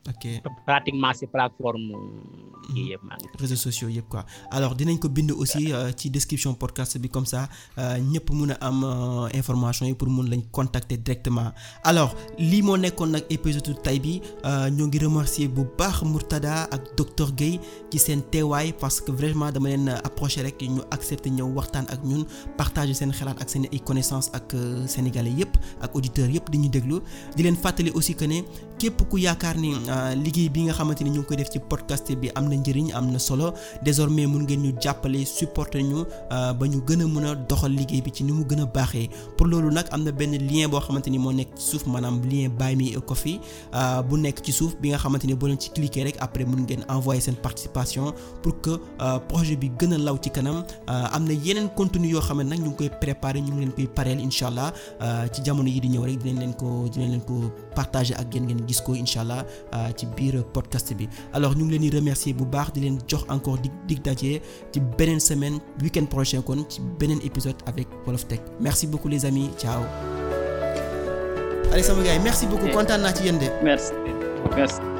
ok pratiquement si plateforme yi euh, mhm. yëpp yëpp quoi alors dinañ ko bind aussi euh, ci description podcast bi comme ça euh, ñëpp mun a am information yi pour mun lañ contacter directement alors lii moo nekkoon nag épisode tay bi ñoo ngi remercier bu baax Murtada ak docteur Guèye ci seen teewaay parce que vraiment dama leen approché rek ñu accepter ñëw waxtaan ak ñun partager seen xalaat ak seen ay connaissances ak sénégalais yëpp ak auditeurs yëpp di ñu déglu di leen fàttali aussi que ne. képp ku yaakaar ni euh, liggéey bi nga xamante ni ñu ngi koy def ci podcast bi am na njëriñ am na solo désormais mun ngeen ñu jàppale supporter ñu euh, ba ñu gën a mën a doxal liggéey bi ci ni mu gën a baaxee pour loolu nag am na benn lien boo xamante ni moo nekk ci suuf maanaam lien Buy Me a Coffee euh, bu nekk ci suuf bi nga xamante ni boo leen ci cliquer rek après mun ngeen envoyé seen participation pour que projet bi gën a law ci kanam am na yeneen contenu yoo xam ne nag ñu ngi koy préparer ñu ngi leen koy pareel incha allah jamono yi di ñëw rek dinañ leen ko dinañ leen ko partagé ak yéen ngeen gis ko incha allah euh, ci biir podcast bi alors ñu ngi leen di remercier bu baax di leen jox encore dig dig daje ci beneen semaine week-end prochain kon ci beneen épisode avec Wolof Tech merci beaucoup les amis ciao. allez sama gars yi merci beaucoup kontaan naa ci yéen de. merci